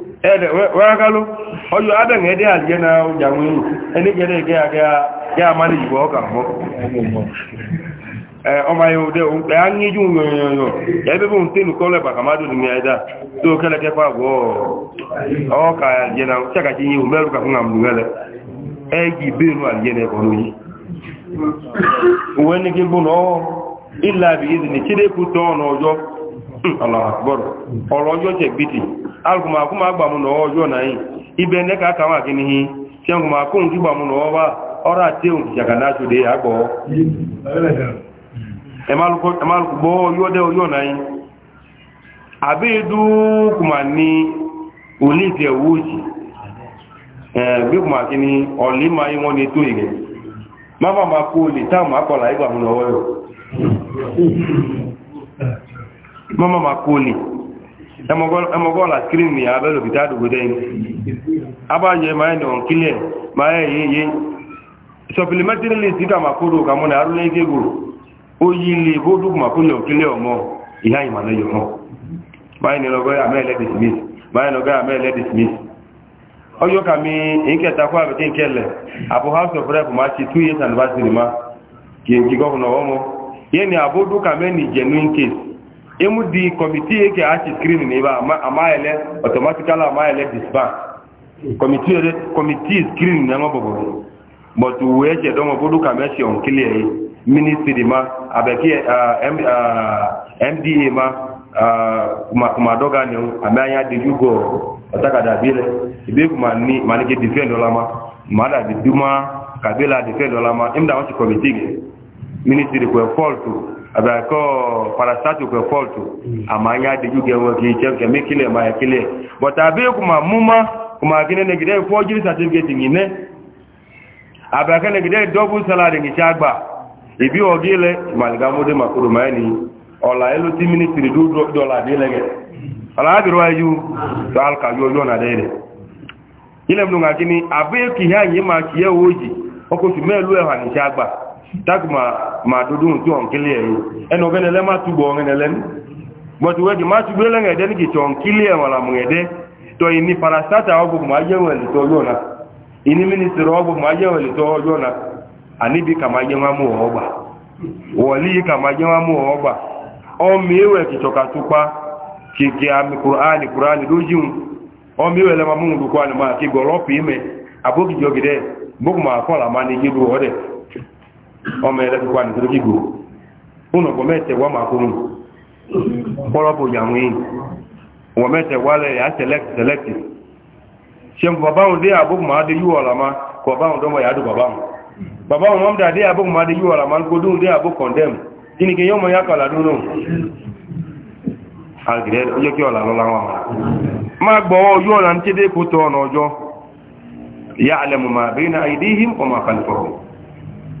ẹ̀rẹ̀ wẹ́rákálú ọjọ́ abẹ̀rẹ̀ ẹ̀dẹ́ àjẹ́ na ọjà wọn yìí ẹni bụ gẹ́ àmàlẹ̀ ìgbọ̀ ọkà mọ́ ọmọ yóò dẹ̀ ẹ̀ á ní jù yọ̀yọ̀yọ̀ ẹgbẹ́ bóun tí nù kọ́lẹ̀ bàkàmádù ní ẹ̀dá tó kẹ́lẹ̀kẹ́ fàgbọ́ ka na alùpùpù àkúmọ̀ agbàmù nà ọjọ́ náà yìí ibẹ̀ nẹ́ka àkàwọn àkíní yìí ṣe ń kùmọ̀ àkóhùn kí gbàmù nà ọwá ọ̀rọ̀ àti èhùn ìjàkà náà ṣòdè àgbọ̀ ẹ̀málùpùpù ọjọ́ dé ọjọ́ náà yìí àbí dúkùmà ní olíìtì ẹ̀wú òjì bí kùmà àkíní ẹmọgọ́lá skrin ni abẹ́lò bí dáadùgbòdẹ́ abáyẹ máa ní ọ̀nkílẹ̀ máa yẹyẹ supplementary list títà màkúrò kàmọ́nà arúlẹ́gẹ́gò ó yí ilé bóòdùkù màkúrò ọ̀nkílẹ̀ ọmọ ìyá ìmàlẹ́yọ̀ mọ́ máa ní ọgọ́ amẹ́lẹ́dì smith ọjọ́ kàmí ìkẹta kó àbẹ̀kẹ́ ìkẹlẹ̀ àbò house of rep máa ṣe two years anniversary ma kí gọ́ọ̀nà ọmọ yẹ́ ni àbódùkà mẹ́ni genuine case imu di committee yake achi screen ne ba amma amayele automatically amayele disband committee de committee screen ne ngobo bo but weje do mo bodu commission kile yi ministry ma abeki uh, uh, mda ma uh, kuma kuma doga ne amanya de yugo ataka da bile ibe kuma ni manike defend ola ma mada de duma kabila defend ola ma imda wa committee ministry ko fault abẹ́kọ́ parastatic fault hmm. àmà yá dìjú gẹ̀wọ̀n kìí jẹ́ kẹ̀mí kílẹ̀ ma yẹ kílẹ̀ but àbí kùmà múmá kùmà gínẹ́ nẹ̀gìdẹ́ fọ́jírí certificate yìí nẹ́ abẹ́kẹ́ nẹ̀gìdẹ́ double salary ní ṣàgbà ìbí ọgílẹ̀ màlìgámúdé makoro mẹ́ni ọ̀là ẹlú tí ministry dọ́là délẹ́gẹ̀ aláàbìrọ̀ ayú tó alkàyọ yọ nà dẹ́rẹ̀ ilẹ̀ mùnú tak ma ma dudun ti on kile yu eno bene le ma tu bo ngene len but we di ma tu bo le ngene ki ton kile wala mu ngede to ini parastata ogu ma je wele to yona ini minister ogu ma je wele to yona ani bi kama je ma mu ogba woli kama je ma mu ogba o miwe we ki choka tupa ki ki ami qur'ani qur'ani dojun o miwe le ma mu ndu kwa ni ma ki goropi me abogi jogide bogu ma fola ma ni gidu ode ọmọ ẹlẹ́gbẹ̀ẹ́ wà nítorí gígò fún ọ̀pọ̀ mẹ́tẹ̀ wà máa kúrò bọ́rọ̀bù yàwó yìí wọ mẹ́tẹ̀ wà lẹ́yà sẹlẹ́kì ṣe ń dé máa dé kọ dé máa dé dé ni kí yọ́mọ yá kọ̀ làdún náà àgìrẹ́ ọjọ́ kí ọ̀là lọ́la wọn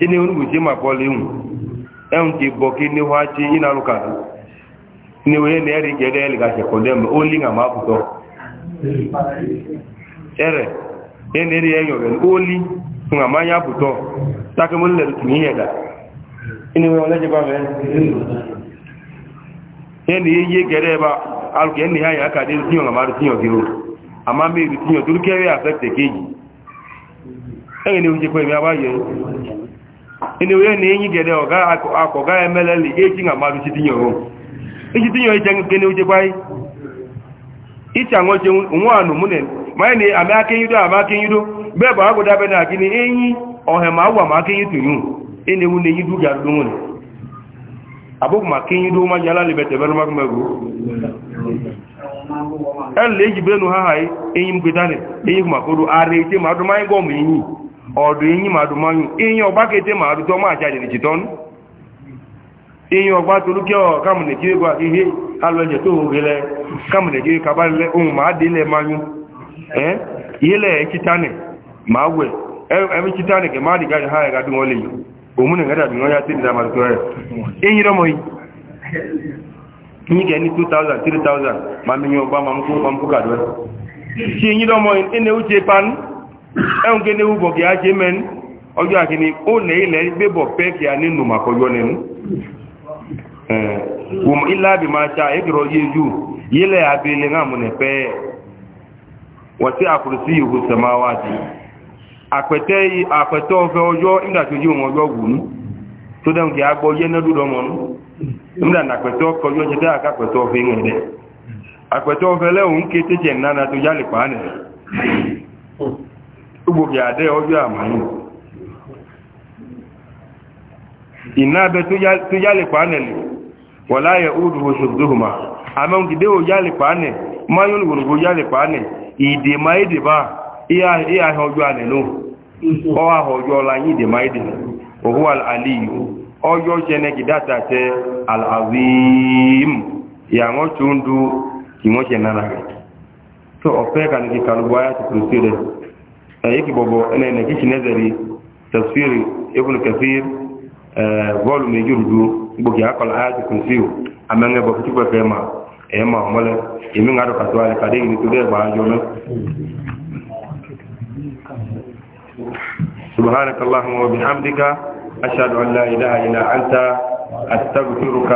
ine onugbuchi ma kpọla inwu enwuke bọ ka ine achị ị na-alụ ka ine wee na eri ga ele gachi kọde mgbe oli na ma pụtọ ere ene eri enyo oli nga ma pụtọ taka mo lere tumi ihe ihe gere ebe alụka ene ha ya aka dị tinyo nga ma tinyo ama mmiri tinyo kere afekte ka eji na ebe ene onye na-enyi gede akọ gaghị emeleli echi na mmadụ chitinye iche nkene uchekwa iche anụche nwa anụ mụ manye na amaka nyudo amaka nyudo mgbe bụ agwụ dabe na gịnị enyi ọha ma agwa ma aka nyutunyu enewu na enyidu ga arụdo nwere abụghị maka enyido ma ji ala libetebere magmego ele eji bere nu ha ha enyi mgbedani enyi hụ maka oru ara eche ma adụmanye gọọ mụ enyi ọ̀dọ̀ yìí máa dùn ma èyàn ọgbá kété máa rútọ́ máa jáde lè jìtọ́ ní èyàn ọgbá torúkẹ́ ọ̀ káàmù gba ihe alọ́jẹ̀ tó hùwé lẹ káàmù nàìjíríà kaba ohun máa dé lẹ mayún ẹ́ ìyẹ́lẹ̀ ẹ̀kítánẹ̀ máa wẹ̀ ẹ̀mí kítánẹ̀ kẹ máa dìgáyà ha ẹ̀gá dùn wọ́n lè yìí òun ẹ̀hùn kí ní wúbọ̀ kí á ṣe ọ ọjọ́ àkíní ó lè ilẹ̀ gbébọ̀ pẹ́ kí a nínú màkọjọ́ nínú wùm iláàbì máa ṣá ẹgbẹ̀rọ yéjú yílẹ̀ abẹ́lẹ̀ rámùnẹ̀ pẹ́ wọ́n tí àkùrùsí ìhù sẹmáwáàdì àpẹtẹ́ ọjọ́ ọjọ́ wù tó kí a gbọ́ yẹ́ gbogbo àdé ọjọ́ àmàyìn iná abẹ tó yálè pàánẹ̀lì wọ̀ láyẹ̀ oòrùn oṣùgbòhùnmá àmẹ́hùn kìdé ò yálè pàánẹ̀ mayún ìwòrùgbò yálè pàánẹ̀ ìdè máìdè bá ìhà ọjọ́ ànẹ̀lú ọwà ọjọ́ ọlá yìí ìdè máìdè òhun àlìyù ọjọ́ ṣẹnẹ́ kìdáta tẹ yake bobo ina ina kishi nazari tafsiri ibn kafir volume jurdu boki akal ayatu kunsiu amanga boki tiba fema ema mole imi ngado katwale kadingi ni tudeba ba jona سبحانك اللهم وبحمدك أشهد أن لا إله إلا أنت أستغفرك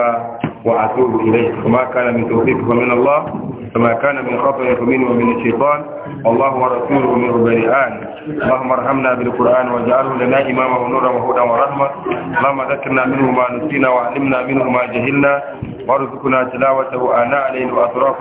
وأتوب إليه وما كان من توفيق فمن الله فما كان من خطأ فمن ومن الشيطان الله ورسوله من البريئان اللهم ارحمنا بالقرآن واجعله لنا إماما ونورا وهدى ورحمة اللهم ذكرنا منه ما نسينا وعلمنا منه ما جهلنا وارزقنا تلاوته آناء الليل وأطراف